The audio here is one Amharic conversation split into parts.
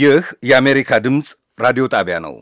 ይህ የአሜሪካ ድምፅ ራዲዮ ጣቢያ ነው።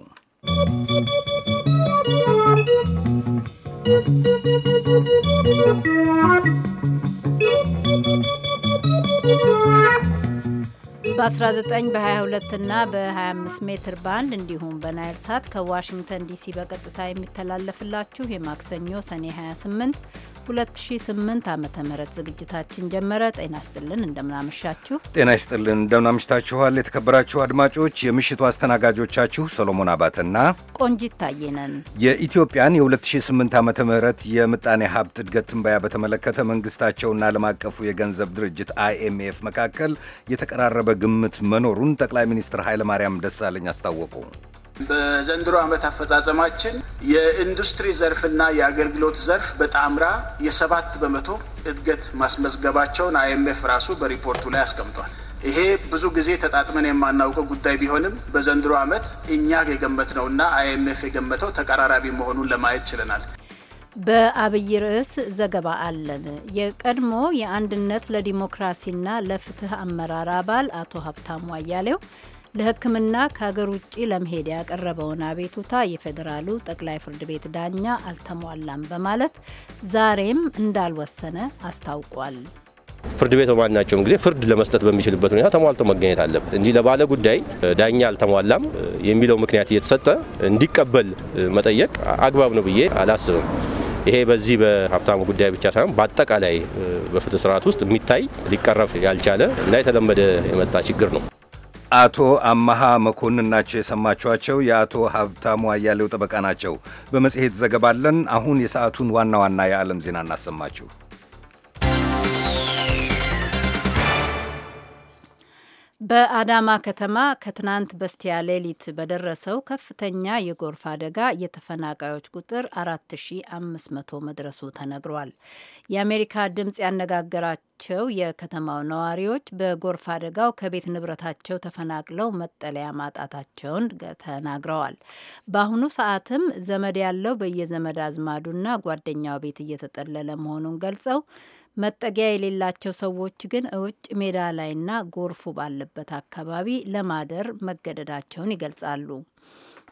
በ19 በ22 እና በ25 ሜትር ባንድ እንዲሁም በናይል ሳት ከዋሽንግተን ዲሲ በቀጥታ የሚተላለፍላችሁ የማክሰኞ ሰኔ 28 2008 ዓ ም ዝግጅታችን ጀመረ። ጤና ይስጥልን፣ እንደምናመሻችሁ። ጤና ይስጥልን፣ እንደምናመሽታችኋል። የተከበራችሁ አድማጮች የምሽቱ አስተናጋጆቻችሁ ሰሎሞን አባተና ቆንጂት ታየነን። የኢትዮጵያን የ2008 ዓ ም የምጣኔ ሀብት እድገት ትንበያ በተመለከተ መንግስታቸውና ዓለም አቀፉ የገንዘብ ድርጅት አይኤምኤፍ መካከል የተቀራረበ ግምት መኖሩን ጠቅላይ ሚኒስትር ኃይለማርያም ደሳለኝ አስታወቁ። በዘንድሮ ዓመት አፈጻጸማችን የኢንዱስትሪ ዘርፍና የአገልግሎት ዘርፍ በጣምራ የሰባት በመቶ እድገት ማስመዝገባቸውን አይኤምኤፍ ራሱ በሪፖርቱ ላይ አስቀምጧል። ይሄ ብዙ ጊዜ ተጣጥመን የማናውቀው ጉዳይ ቢሆንም በዘንድሮ ዓመት እኛ የገመትነውና አይኤምኤፍ የገመተው ተቀራራቢ መሆኑን ለማየት ችለናል። በአብይ ርዕስ ዘገባ አለን። የቀድሞ የአንድነት ለዲሞክራሲና ለፍትህ አመራር አባል አቶ ሀብታሙ አያሌው ለሕክምና ከሀገር ውጭ ለመሄድ ያቀረበውን አቤቱታ የፌዴራሉ ጠቅላይ ፍርድ ቤት ዳኛ አልተሟላም በማለት ዛሬም እንዳልወሰነ አስታውቋል። ፍርድ ቤት በማናቸውም ጊዜ ፍርድ ለመስጠት በሚችልበት ሁኔታ ተሟልቶ መገኘት አለበት እንጂ ለባለ ጉዳይ ዳኛ አልተሟላም የሚለው ምክንያት እየተሰጠ እንዲቀበል መጠየቅ አግባብ ነው ብዬ አላስብም። ይሄ በዚህ በሀብታሙ ጉዳይ ብቻ ሳይሆን በአጠቃላይ በፍትህ ስርዓት ውስጥ የሚታይ ሊቀረፍ ያልቻለ እና የተለመደ የመጣ ችግር ነው። አቶ አመሃ መኮንን ናቸው የሰማችኋቸው። የአቶ ሀብታሙ አያሌው ጠበቃ ናቸው። በመጽሔት ዘገባለን። አሁን የሰዓቱን ዋና ዋና የዓለም ዜና እናሰማችሁ። በአዳማ ከተማ ከትናንት በስቲያ ሌሊት በደረሰው ከፍተኛ የጎርፍ አደጋ የተፈናቃዮች ቁጥር 4500 መድረሱ ተነግሯል። የአሜሪካ ድምፅ ያነጋገራቸው የከተማው ነዋሪዎች በጎርፍ አደጋው ከቤት ንብረታቸው ተፈናቅለው መጠለያ ማጣታቸውን ተናግረዋል። በአሁኑ ሰዓትም ዘመድ ያለው በየዘመድ አዝማዱና ጓደኛው ቤት እየተጠለለ መሆኑን ገልጸው መጠጊያ የሌላቸው ሰዎች ግን እውጭ ሜዳ ላይና ጎርፉ ባለበት አካባቢ ለማደር መገደዳቸውን ይገልጻሉ።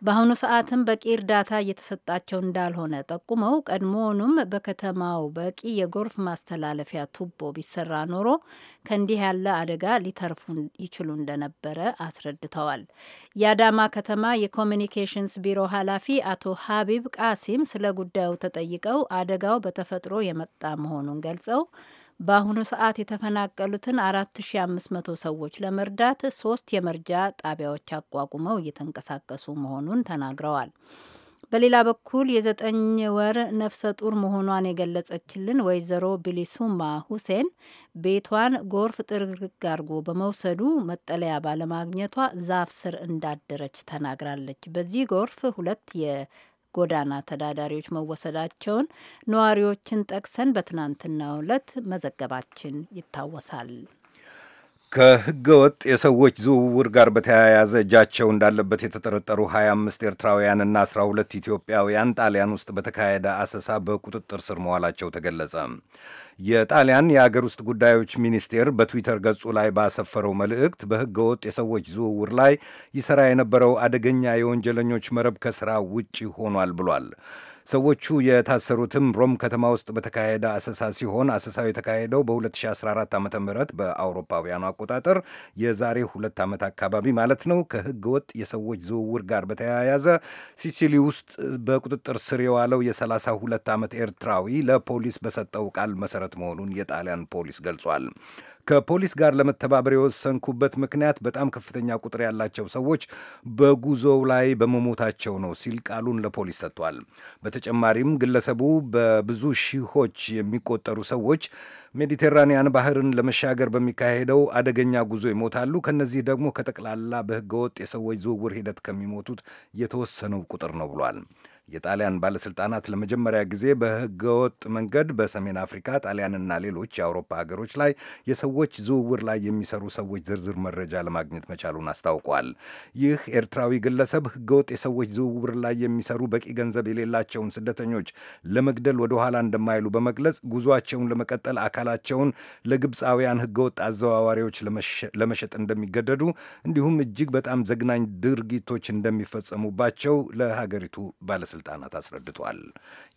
በአሁኑ ሰዓትም በቂ እርዳታ እየተሰጣቸው እንዳልሆነ ጠቁመው ቀድሞውኑም በከተማው በቂ የጎርፍ ማስተላለፊያ ቱቦ ቢሰራ ኖሮ ከእንዲህ ያለ አደጋ ሊተርፉ ይችሉ እንደነበረ አስረድተዋል። የአዳማ ከተማ የኮሚኒኬሽንስ ቢሮ ኃላፊ አቶ ሀቢብ ቃሲም ስለ ጉዳዩ ተጠይቀው አደጋው በተፈጥሮ የመጣ መሆኑን ገልጸው በአሁኑ ሰዓት የተፈናቀሉትን 4500 ሰዎች ለመርዳት ሶስት የመርጃ ጣቢያዎች አቋቁመው እየተንቀሳቀሱ መሆኑን ተናግረዋል። በሌላ በኩል የዘጠኝ ወር ነፍሰ ጡር መሆኗን የገለጸችልን ወይዘሮ ቢሊሱማ ሁሴን ቤቷን ጎርፍ ጥርግርግ አድርጎ በመውሰዱ መጠለያ ባለማግኘቷ ዛፍ ስር እንዳደረች ተናግራለች። በዚህ ጎርፍ ሁለት ጎዳና ተዳዳሪዎች መወሰዳቸውን ነዋሪዎችን ጠቅሰን በትናንትናው ዕለት መዘገባችን ይታወሳል። ከህገ ወጥ የሰዎች ዝውውር ጋር በተያያዘ እጃቸው እንዳለበት የተጠረጠሩ 25 ኤርትራውያንና 12 ኢትዮጵያውያን ጣሊያን ውስጥ በተካሄደ አሰሳ በቁጥጥር ስር መዋላቸው ተገለጸ። የጣሊያን የአገር ውስጥ ጉዳዮች ሚኒስቴር በትዊተር ገጹ ላይ ባሰፈረው መልእክት በህገ ወጥ የሰዎች ዝውውር ላይ ይሰራ የነበረው አደገኛ የወንጀለኞች መረብ ከስራ ውጪ ሆኗል ብሏል። ሰዎቹ የታሰሩትም ሮም ከተማ ውስጥ በተካሄደ አሰሳ ሲሆን አሰሳው የተካሄደው በ2014 ዓ ም በአውሮፓውያኑ አቆጣጠር የዛሬ ሁለት ዓመት አካባቢ ማለት ነው። ከህገ ወጥ የሰዎች ዝውውር ጋር በተያያዘ ሲሲሊ ውስጥ በቁጥጥር ስር የዋለው የ32 ዓመት ኤርትራዊ ለፖሊስ በሰጠው ቃል መሰረት መሆኑን የጣሊያን ፖሊስ ገልጿል። ከፖሊስ ጋር ለመተባበር የወሰንኩበት ምክንያት በጣም ከፍተኛ ቁጥር ያላቸው ሰዎች በጉዞው ላይ በመሞታቸው ነው ሲል ቃሉን ለፖሊስ ሰጥቷል። በተጨማሪም ግለሰቡ በብዙ ሺዎች የሚቆጠሩ ሰዎች ሜዲቴራንያን ባህርን ለመሻገር በሚካሄደው አደገኛ ጉዞ ይሞታሉ። ከነዚህ ደግሞ ከጠቅላላ በህገወጥ የሰዎች ዝውውር ሂደት ከሚሞቱት የተወሰነው ቁጥር ነው ብሏል። የጣሊያን ባለሥልጣናት ለመጀመሪያ ጊዜ በህገወጥ መንገድ በሰሜን አፍሪካ ጣሊያንና ሌሎች የአውሮፓ ሀገሮች ላይ የሰዎች ዝውውር ላይ የሚሰሩ ሰዎች ዝርዝር መረጃ ለማግኘት መቻሉን አስታውቋል። ይህ ኤርትራዊ ግለሰብ ህገወጥ የሰዎች ዝውውር ላይ የሚሰሩ በቂ ገንዘብ የሌላቸውን ስደተኞች ለመግደል ወደ ኋላ እንደማይሉ በመግለጽ ጉዟቸውን ለመቀጠል አካላቸውን ለግብፃውያን ህገወጥ አዘዋዋሪዎች ለመሸጥ እንደሚገደዱ እንዲሁም እጅግ በጣም ዘግናኝ ድርጊቶች እንደሚፈጸሙባቸው ለሀገሪቱ ባለስልጣ ባለሥልጣናት አስረድቷል።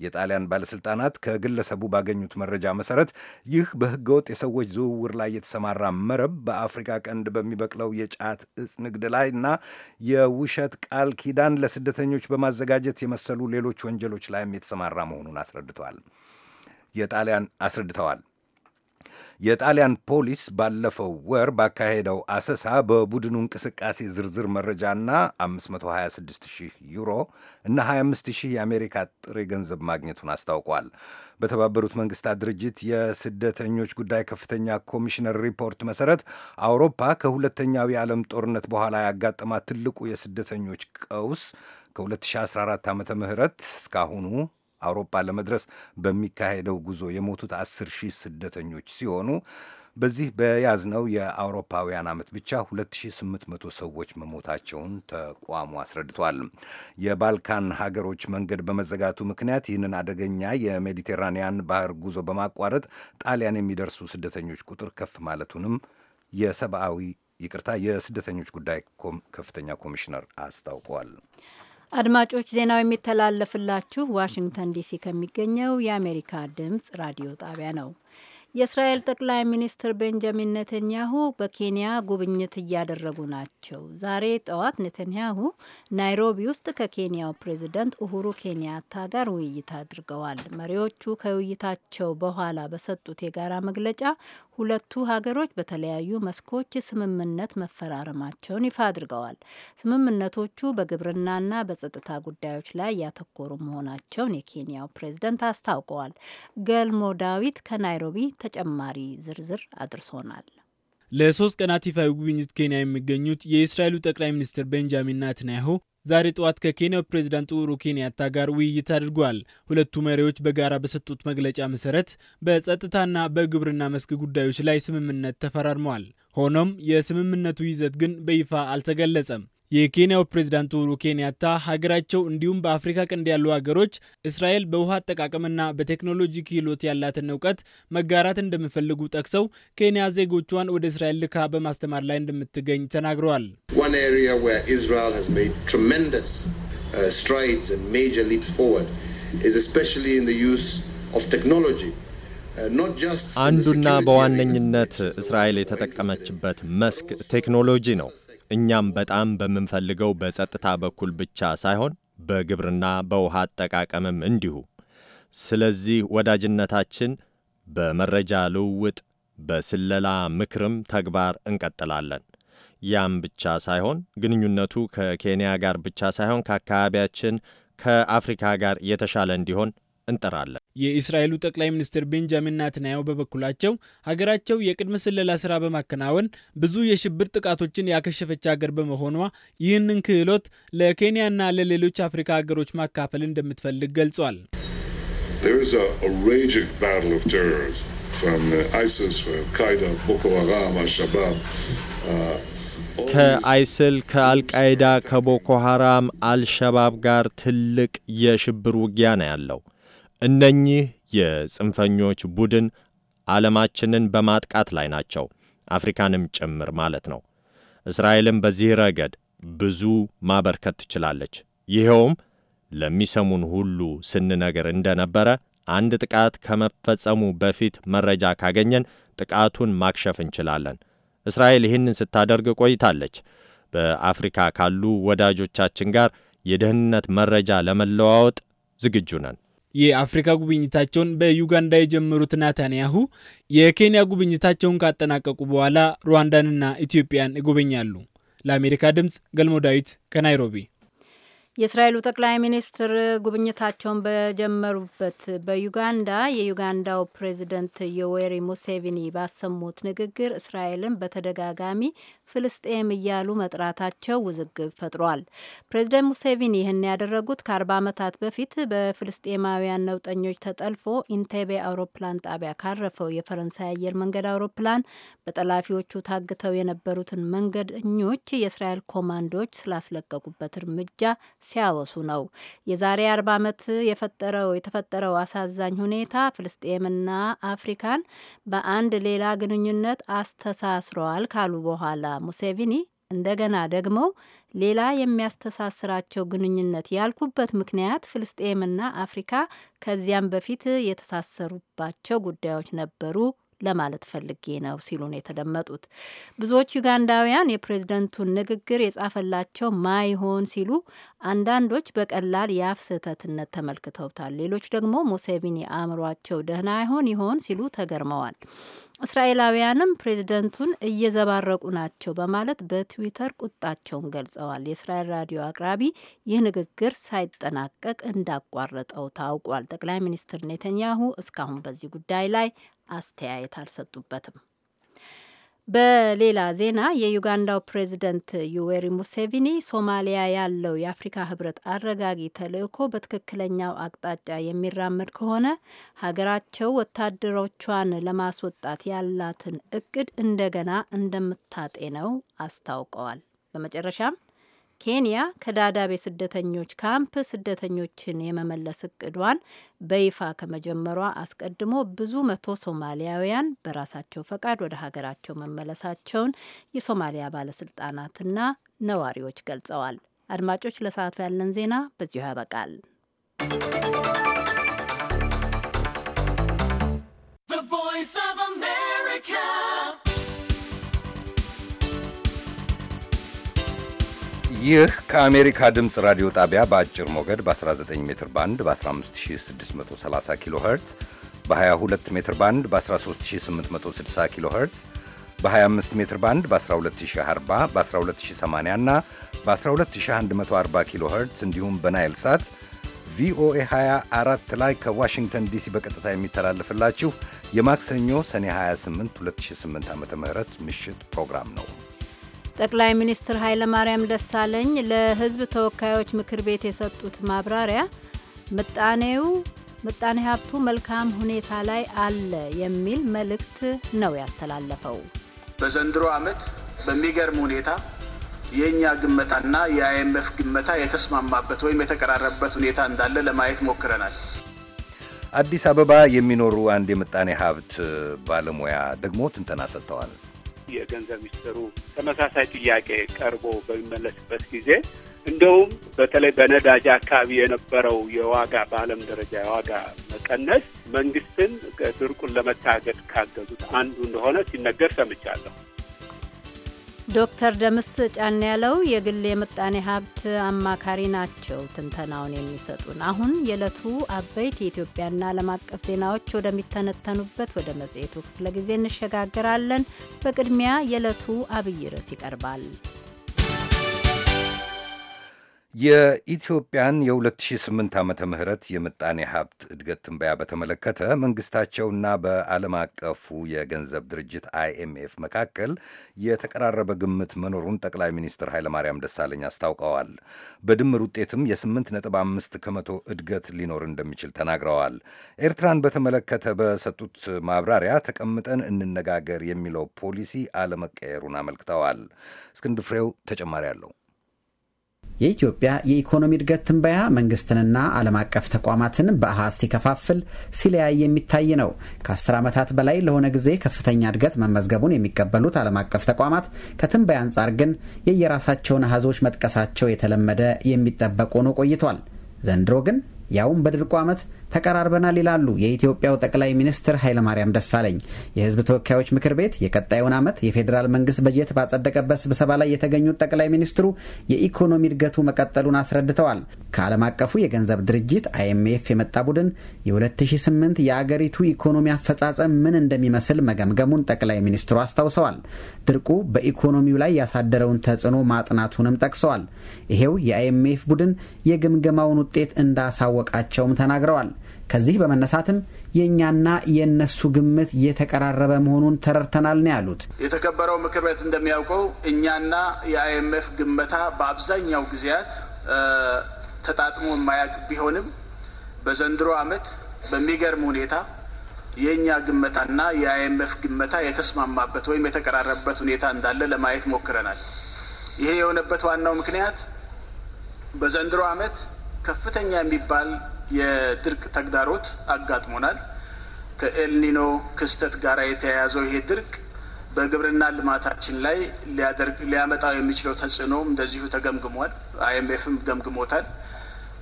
የጣሊያን ባለሥልጣናት ከግለሰቡ ባገኙት መረጃ መሠረት ይህ በሕገወጥ የሰዎች ዝውውር ላይ የተሰማራ መረብ በአፍሪካ ቀንድ በሚበቅለው የጫት እጽ ንግድ ላይ እና የውሸት ቃል ኪዳን ለስደተኞች በማዘጋጀት የመሰሉ ሌሎች ወንጀሎች ላይም የተሰማራ መሆኑን አስረድተዋል። የጣሊያን አስረድተዋል የጣሊያን ፖሊስ ባለፈው ወር ባካሄደው አሰሳ በቡድኑ እንቅስቃሴ ዝርዝር መረጃና 526000 ዩሮ እና 25000 የአሜሪካ ጥሬ ገንዘብ ማግኘቱን አስታውቋል። በተባበሩት መንግስታት ድርጅት የስደተኞች ጉዳይ ከፍተኛ ኮሚሽነር ሪፖርት መሰረት አውሮፓ ከሁለተኛው የዓለም ጦርነት በኋላ ያጋጠማት ትልቁ የስደተኞች ቀውስ ከ2014 ዓ ም እስካሁኑ አውሮፓ ለመድረስ በሚካሄደው ጉዞ የሞቱት አስር ሺህ ስደተኞች ሲሆኑ በዚህ በያዝነው የአውሮፓውያን ዓመት ብቻ 2800 ሰዎች መሞታቸውን ተቋሙ አስረድቷል። የባልካን ሀገሮች መንገድ በመዘጋቱ ምክንያት ይህንን አደገኛ የሜዲቴራንያን ባህር ጉዞ በማቋረጥ ጣሊያን የሚደርሱ ስደተኞች ቁጥር ከፍ ማለቱንም የሰብአዊ ይቅርታ የስደተኞች ጉዳይ ከፍተኛ ኮሚሽነር አስታውቀዋል። አድማጮች ዜናው የሚተላለፍላችሁ ዋሽንግተን ዲሲ ከሚገኘው የአሜሪካ ድምፅ ራዲዮ ጣቢያ ነው። የእስራኤል ጠቅላይ ሚኒስትር ቤንጃሚን ኔተንያሁ በኬንያ ጉብኝት እያደረጉ ናቸው። ዛሬ ጠዋት ኔተንያሁ ናይሮቢ ውስጥ ከኬንያው ፕሬዚደንት ኡሁሩ ኬንያታ ጋር ውይይት አድርገዋል። መሪዎቹ ከውይይታቸው በኋላ በሰጡት የጋራ መግለጫ ሁለቱ ሀገሮች በተለያዩ መስኮች ስምምነት መፈራረማቸውን ይፋ አድርገዋል። ስምምነቶቹ በግብርናና በጸጥታ ጉዳዮች ላይ ያተኮሩ መሆናቸውን የኬንያው ፕሬዝደንት አስታውቀዋል። ገልሞ ዳዊት ከናይሮቢ ተጨማሪ ዝርዝር አድርሶናል። ለሶስት ቀናት ይፋዊ ጉብኝት ኬንያ የሚገኙት የእስራኤሉ ጠቅላይ ሚኒስትር ቤንጃሚን ናትንያሁ ዛሬ ጠዋት ከኬንያው ፕሬዚዳንት ኡሁሩ ኬንያታ ጋር ውይይት አድርጓል። ሁለቱ መሪዎች በጋራ በሰጡት መግለጫ መሰረት በጸጥታና በግብርና መስክ ጉዳዮች ላይ ስምምነት ተፈራርመዋል። ሆኖም የስምምነቱ ይዘት ግን በይፋ አልተገለጸም። የኬንያው ፕሬዝዳንት ኡሁሩ ኬንያታ ሀገራቸው እንዲሁም በአፍሪካ ቀንድ ያሉ ሀገሮች እስራኤል በውሃ አጠቃቀምና በቴክኖሎጂ ክህሎት ያላትን እውቀት መጋራት እንደሚፈልጉ ጠቅሰው ኬንያ ዜጎቿን ወደ እስራኤል ልካ በማስተማር ላይ እንደምትገኝ ተናግረዋል። uh, uh, አንዱና በዋነኝነት እስራኤል የተጠቀመችበት መስክ ቴክኖሎጂ ነው። እኛም በጣም በምንፈልገው በጸጥታ በኩል ብቻ ሳይሆን በግብርና በውሃ አጠቃቀምም እንዲሁ። ስለዚህ ወዳጅነታችን በመረጃ ልውውጥ፣ በስለላ ምክርም ተግባር እንቀጥላለን። ያም ብቻ ሳይሆን ግንኙነቱ ከኬንያ ጋር ብቻ ሳይሆን ከአካባቢያችን ከአፍሪካ ጋር የተሻለ እንዲሆን እንጠራለን። የእስራኤሉ ጠቅላይ ሚኒስትር ቤንጃሚን ናትናያው በበኩላቸው ሀገራቸው የቅድመ ስለላ ስራ በማከናወን ብዙ የሽብር ጥቃቶችን ያከሸፈች ሀገር በመሆኗ ይህንን ክህሎት ለኬንያና ለሌሎች አፍሪካ ሀገሮች ማካፈል እንደምትፈልግ ገልጿል። uh, uh, uh, ከአይስል ከአልቃይዳ፣ ከቦኮ ሐራም፣ አልሸባብ ጋር ትልቅ የሽብር ውጊያ ነው ያለው። እነኚህ የጽንፈኞች ቡድን ዓለማችንን በማጥቃት ላይ ናቸው፣ አፍሪካንም ጭምር ማለት ነው። እስራኤልም በዚህ ረገድ ብዙ ማበርከት ትችላለች። ይኸውም ለሚሰሙን ሁሉ ስንነገር እንደነበረ አንድ ጥቃት ከመፈጸሙ በፊት መረጃ ካገኘን ጥቃቱን ማክሸፍ እንችላለን። እስራኤል ይህንን ስታደርግ ቆይታለች። በአፍሪካ ካሉ ወዳጆቻችን ጋር የደህንነት መረጃ ለመለዋወጥ ዝግጁ ነን። የአፍሪካ ጉብኝታቸውን በዩጋንዳ የጀመሩት ናታንያሁ የኬንያ ጉብኝታቸውን ካጠናቀቁ በኋላ ሩዋንዳንና ኢትዮጵያን ይጎበኛሉ። ለአሜሪካ ድምጽ ገልሞ ዳዊት ከናይሮቢ። የእስራኤሉ ጠቅላይ ሚኒስትር ጉብኝታቸውን በጀመሩበት በዩጋንዳ የዩጋንዳው ፕሬዚደንት ዮዌሪ ሙሴቪኒ ባሰሙት ንግግር እስራኤልን በተደጋጋሚ ፍልስጤም እያሉ መጥራታቸው ውዝግብ ፈጥሯል። ፕሬዚደንት ሙሴቪኒ ይህን ያደረጉት ከአርባ ዓመታት በፊት በፍልስጤማውያን ነውጠኞች ተጠልፎ ኢንቴቤ አውሮፕላን ጣቢያ ካረፈው የፈረንሳይ አየር መንገድ አውሮፕላን በጠላፊዎቹ ታግተው የነበሩትን መንገደኞች የእስራኤል ኮማንዶዎች ስላስለቀቁበት እርምጃ ሲያወሱ ነው። የዛሬ አርባ ዓመት የፈጠረው የተፈጠረው አሳዛኝ ሁኔታ ፍልስጤምና አፍሪካን በአንድ ሌላ ግንኙነት አስተሳስረዋል ካሉ በኋላ ሙሴቪኒ እንደገና ደግሞ ሌላ የሚያስተሳስራቸው ግንኙነት ያልኩበት ምክንያት ፍልስጤምና አፍሪካ ከዚያም በፊት የተሳሰሩባቸው ጉዳዮች ነበሩ ለማለት ፈልጌ ነው ሲሉ ነው የተደመጡት። ብዙዎች ዩጋንዳውያን የፕሬዝደንቱን ንግግር የጻፈላቸው ማይሆን ሲሉ፣ አንዳንዶች በቀላል የአፍ ስህተትነት ተመልክተውታል። ሌሎች ደግሞ ሙሴቪኒ አእምሯቸው ደህና አይሆን ይሆን ሲሉ ተገርመዋል። እስራኤላውያንም ፕሬዚደንቱን እየዘባረቁ ናቸው በማለት በትዊተር ቁጣቸውን ገልጸዋል። የእስራኤል ራዲዮ አቅራቢ ይህ ንግግር ሳይጠናቀቅ እንዳቋረጠው ታውቋል። ጠቅላይ ሚኒስትር ኔተንያሁ እስካሁን በዚህ ጉዳይ ላይ አስተያየት አልሰጡበትም። በሌላ ዜና የዩጋንዳው ፕሬዚደንት ዩዌሪ ሙሴቪኒ ሶማሊያ ያለው የአፍሪካ ህብረት አረጋጊ ተልዕኮ በትክክለኛው አቅጣጫ የሚራመድ ከሆነ ሀገራቸው ወታደሮቿን ለማስወጣት ያላትን እቅድ እንደገና ነው አስታውቀዋል። በመጨረሻም ኬንያ ከዳዳቤ ስደተኞች ካምፕ ስደተኞችን የመመለስ እቅዷን በይፋ ከመጀመሯ አስቀድሞ ብዙ መቶ ሶማሊያውያን በራሳቸው ፈቃድ ወደ ሀገራቸው መመለሳቸውን የሶማሊያ ባለስልጣናትና ነዋሪዎች ገልጸዋል። አድማጮች፣ ለሰዓቱ ያለን ዜና በዚሁ ያበቃል። ይህ ከአሜሪካ ድምፅ ራዲዮ ጣቢያ በአጭር ሞገድ በ19 ሜትር ባንድ በ15630 ኪሎ ኸርትዝ በ22 ሜትር ባንድ በ13860 ኪሎ ኸርትዝ በ25 ሜትር ባንድ በ12040 በ12080 እና በ12140 ኪሎ ኸርትዝ እንዲሁም በናይል ሳት ቪኦኤ 24 ላይ ከዋሽንግተን ዲሲ በቀጥታ የሚተላለፍላችሁ የማክሰኞ ሰኔ 28 2008 ዓ ም ምሽት ፕሮግራም ነው። ጠቅላይ ሚኒስትር ኃይለማርያም ደሳለኝ ለሕዝብ ተወካዮች ምክር ቤት የሰጡት ማብራሪያ ምጣኔው ምጣኔ ሀብቱ መልካም ሁኔታ ላይ አለ የሚል መልእክት ነው ያስተላለፈው። በዘንድሮ ዓመት በሚገርም ሁኔታ የእኛ ግመታና የአይኤምኤፍ ግመታ የተስማማበት ወይም የተቀራረበበት ሁኔታ እንዳለ ለማየት ሞክረናል። አዲስ አበባ የሚኖሩ አንድ የምጣኔ ሀብት ባለሙያ ደግሞ ትንተና ሰጥተዋል። የገንዘብ ሚኒስትሩ ተመሳሳይ ጥያቄ ቀርቦ በሚመለስበት ጊዜ እንደውም በተለይ በነዳጅ አካባቢ የነበረው የዋጋ በዓለም ደረጃ የዋጋ መቀነስ መንግስትን ድርቁን ለመታገድ ካገዙት አንዱ እንደሆነ ሲነገር ሰምቻለሁ። ዶክተር ደምስ ጫን ያለው የግል የምጣኔ ሀብት አማካሪ ናቸው ትንተናውን የሚሰጡን። አሁን የዕለቱ አበይት የኢትዮጵያና ዓለም አቀፍ ዜናዎች ወደሚተነተኑበት ወደ መጽሔቱ ክፍለ ጊዜ እንሸጋግራለን። በቅድሚያ የዕለቱ አብይ ርዕስ ይቀርባል። የኢትዮጵያን የ2008 ዓመተ ምህረት የምጣኔ ሀብት እድገት ትንበያ በተመለከተ መንግስታቸውና በዓለም አቀፉ የገንዘብ ድርጅት አይኤምኤፍ መካከል የተቀራረበ ግምት መኖሩን ጠቅላይ ሚኒስትር ኃይለማርያም ደሳለኝ አስታውቀዋል። በድምር ውጤትም የ8.5 ከመቶ እድገት ሊኖር እንደሚችል ተናግረዋል። ኤርትራን በተመለከተ በሰጡት ማብራሪያ ተቀምጠን እንነጋገር የሚለው ፖሊሲ አለመቀየሩን አመልክተዋል። እስክንድር ፍሬው ተጨማሪ አለው። የኢትዮጵያ የኢኮኖሚ እድገት ትንበያ መንግስትንና ዓለም አቀፍ ተቋማትን በአሃዝ ሲከፋፍል ሲለያይ የሚታይ ነው። ከአስር ዓመታት በላይ ለሆነ ጊዜ ከፍተኛ እድገት መመዝገቡን የሚቀበሉት ዓለም አቀፍ ተቋማት ከትንበያ አንጻር ግን የየራሳቸውን አሃዞች መጥቀሳቸው የተለመደ የሚጠበቅ ሆኖ ቆይቷል። ዘንድሮ ግን ያውም በድርቁ ዓመት ተቀራርበናል ይላሉ የኢትዮጵያው ጠቅላይ ሚኒስትር ኃይለማርያም ደሳለኝ። የህዝብ ተወካዮች ምክር ቤት የቀጣዩን ዓመት የፌዴራል መንግስት በጀት ባጸደቀበት ስብሰባ ላይ የተገኙት ጠቅላይ ሚኒስትሩ የኢኮኖሚ እድገቱ መቀጠሉን አስረድተዋል። ከዓለም አቀፉ የገንዘብ ድርጅት አይኤምኤፍ የመጣ ቡድን የ2008 የአገሪቱ ኢኮኖሚ አፈጻጸም ምን እንደሚመስል መገምገሙን ጠቅላይ ሚኒስትሩ አስታውሰዋል። ድርቁ በኢኮኖሚው ላይ ያሳደረውን ተጽዕኖ ማጥናቱንም ጠቅሰዋል። ይሄው የአይኤምኤፍ ቡድን የግምገማውን ውጤት እንዳሳወቃቸውም ተናግረዋል። ከዚህ በመነሳትም የእኛና የእነሱ ግምት የተቀራረበ መሆኑን ተረድተናል ነው ያሉት። የተከበረው ምክር ቤት እንደሚያውቀው እኛና የአይኤምኤፍ ግመታ በአብዛኛው ጊዜያት ተጣጥሞ የማያውቅ ቢሆንም በዘንድሮ ዓመት በሚገርም ሁኔታ የእኛ ግመታና የአይኤምኤፍ ግመታ የተስማማበት ወይም የተቀራረበበት ሁኔታ እንዳለ ለማየት ሞክረናል። ይሄ የሆነበት ዋናው ምክንያት በዘንድሮ ዓመት ከፍተኛ የሚባል የድርቅ ተግዳሮት አጋጥሞናል። ከኤልኒኖ ክስተት ጋር የተያያዘው ይሄ ድርቅ በግብርና ልማታችን ላይ ሊያመጣው የሚችለው ተጽዕኖም እንደዚሁ ተገምግሟል። አይኤምኤፍም ገምግሞታል።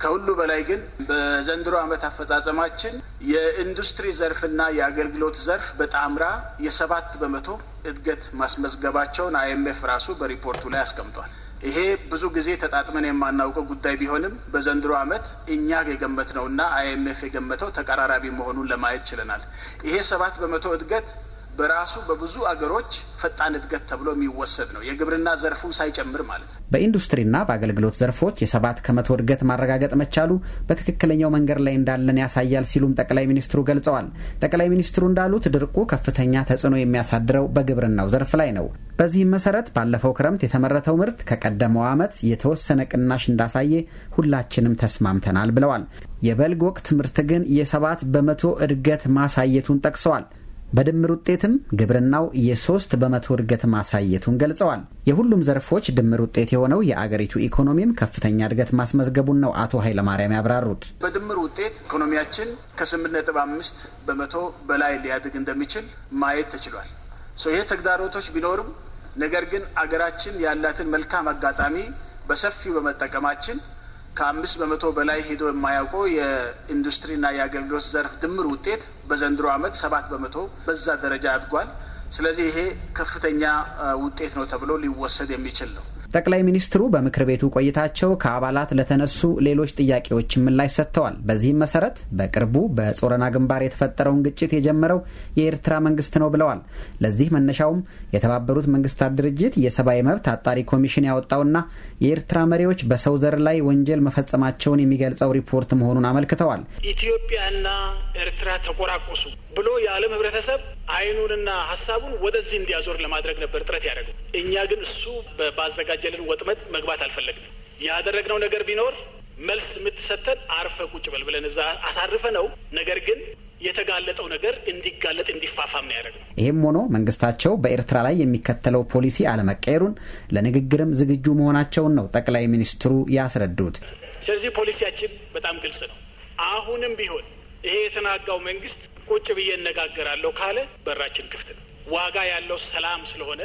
ከሁሉ በላይ ግን በዘንድሮ ዓመት አፈጻጸማችን የኢንዱስትሪ ዘርፍና የአገልግሎት ዘርፍ በጣምራ የሰባት በመቶ እድገት ማስመዝገባቸውን አይኤምኤፍ ራሱ በሪፖርቱ ላይ አስቀምጧል። ይሄ ብዙ ጊዜ ተጣጥመን የማናውቀው ጉዳይ ቢሆንም በዘንድሮ ዓመት እኛ የገመት እና አይኤምኤፍ የገመተው ተቀራራቢ መሆኑን ለማየት ችለናል። ይሄ ሰባት በመቶ እድገት በራሱ በብዙ አገሮች ፈጣን እድገት ተብሎ የሚወሰድ ነው። የግብርና ዘርፉ ሳይጨምር ማለት ነው። በኢንዱስትሪና በአገልግሎት ዘርፎች የሰባት ከመቶ እድገት ማረጋገጥ መቻሉ በትክክለኛው መንገድ ላይ እንዳለን ያሳያል ሲሉም ጠቅላይ ሚኒስትሩ ገልጸዋል። ጠቅላይ ሚኒስትሩ እንዳሉት ድርቁ ከፍተኛ ተጽዕኖ የሚያሳድረው በግብርናው ዘርፍ ላይ ነው። በዚህም መሰረት ባለፈው ክረምት የተመረተው ምርት ከቀደመው ዓመት የተወሰነ ቅናሽ እንዳሳየ ሁላችንም ተስማምተናል ብለዋል። የበልግ ወቅት ምርት ግን የሰባት በመቶ እድገት ማሳየቱን ጠቅሰዋል። በድምር ውጤትም ግብርናው የሶስት በመቶ እድገት ማሳየቱን ገልጸዋል። የሁሉም ዘርፎች ድምር ውጤት የሆነው የአገሪቱ ኢኮኖሚም ከፍተኛ እድገት ማስመዝገቡን ነው አቶ ኃይለማርያም ያብራሩት። በድምር ውጤት ኢኮኖሚያችን ከስምንት ነጥብ አምስት በመቶ በላይ ሊያድግ እንደሚችል ማየት ተችሏል። ይሄ ተግዳሮቶች ቢኖሩም ነገር ግን አገራችን ያላትን መልካም አጋጣሚ በሰፊው በመጠቀማችን ከአምስት በመቶ በላይ ሄዶ የማያውቀው የኢንዱስትሪና የአገልግሎት ዘርፍ ድምር ውጤት በዘንድሮ ዓመት ሰባት በመቶ በዛ ደረጃ አድጓል። ስለዚህ ይሄ ከፍተኛ ውጤት ነው ተብሎ ሊወሰድ የሚችል ነው። ጠቅላይ ሚኒስትሩ በምክር ቤቱ ቆይታቸው ከአባላት ለተነሱ ሌሎች ጥያቄዎች ምላሽ ሰጥተዋል። በዚህም መሰረት በቅርቡ በጾረና ግንባር የተፈጠረውን ግጭት የጀመረው የኤርትራ መንግስት ነው ብለዋል። ለዚህ መነሻውም የተባበሩት መንግስታት ድርጅት የሰብአዊ መብት አጣሪ ኮሚሽን ያወጣውና የኤርትራ መሪዎች በሰው ዘር ላይ ወንጀል መፈጸማቸውን የሚገልጸው ሪፖርት መሆኑን አመልክተዋል። ኢትዮጵያና ኤርትራ ተቆራቆሱ ብሎ የዓለም ህብረተሰብ አይኑንና ሀሳቡን ወደዚህ እንዲያዞር ለማድረግ ነበር ጥረት ያደረገው። እኛ ግን እሱ ባዘጋጀልን ወጥመድ መግባት አልፈለግንም። ያደረግነው ነገር ቢኖር መልስ የምትሰተን አርፈ ቁጭ በል ብለን እዛ አሳርፈ ነው። ነገር ግን የተጋለጠው ነገር እንዲጋለጥ እንዲፋፋም ነው ያደረግነው። ይህም ሆኖ መንግስታቸው በኤርትራ ላይ የሚከተለው ፖሊሲ አለመቀየሩን ለንግግርም ዝግጁ መሆናቸውን ነው ጠቅላይ ሚኒስትሩ ያስረዱት። ስለዚህ ፖሊሲያችን በጣም ግልጽ ነው። አሁንም ቢሆን ይሄ የተናጋው መንግስት ቁጭ ብዬ እነጋገራለሁ ካለ በራችን ክፍት ነው። ዋጋ ያለው ሰላም ስለሆነ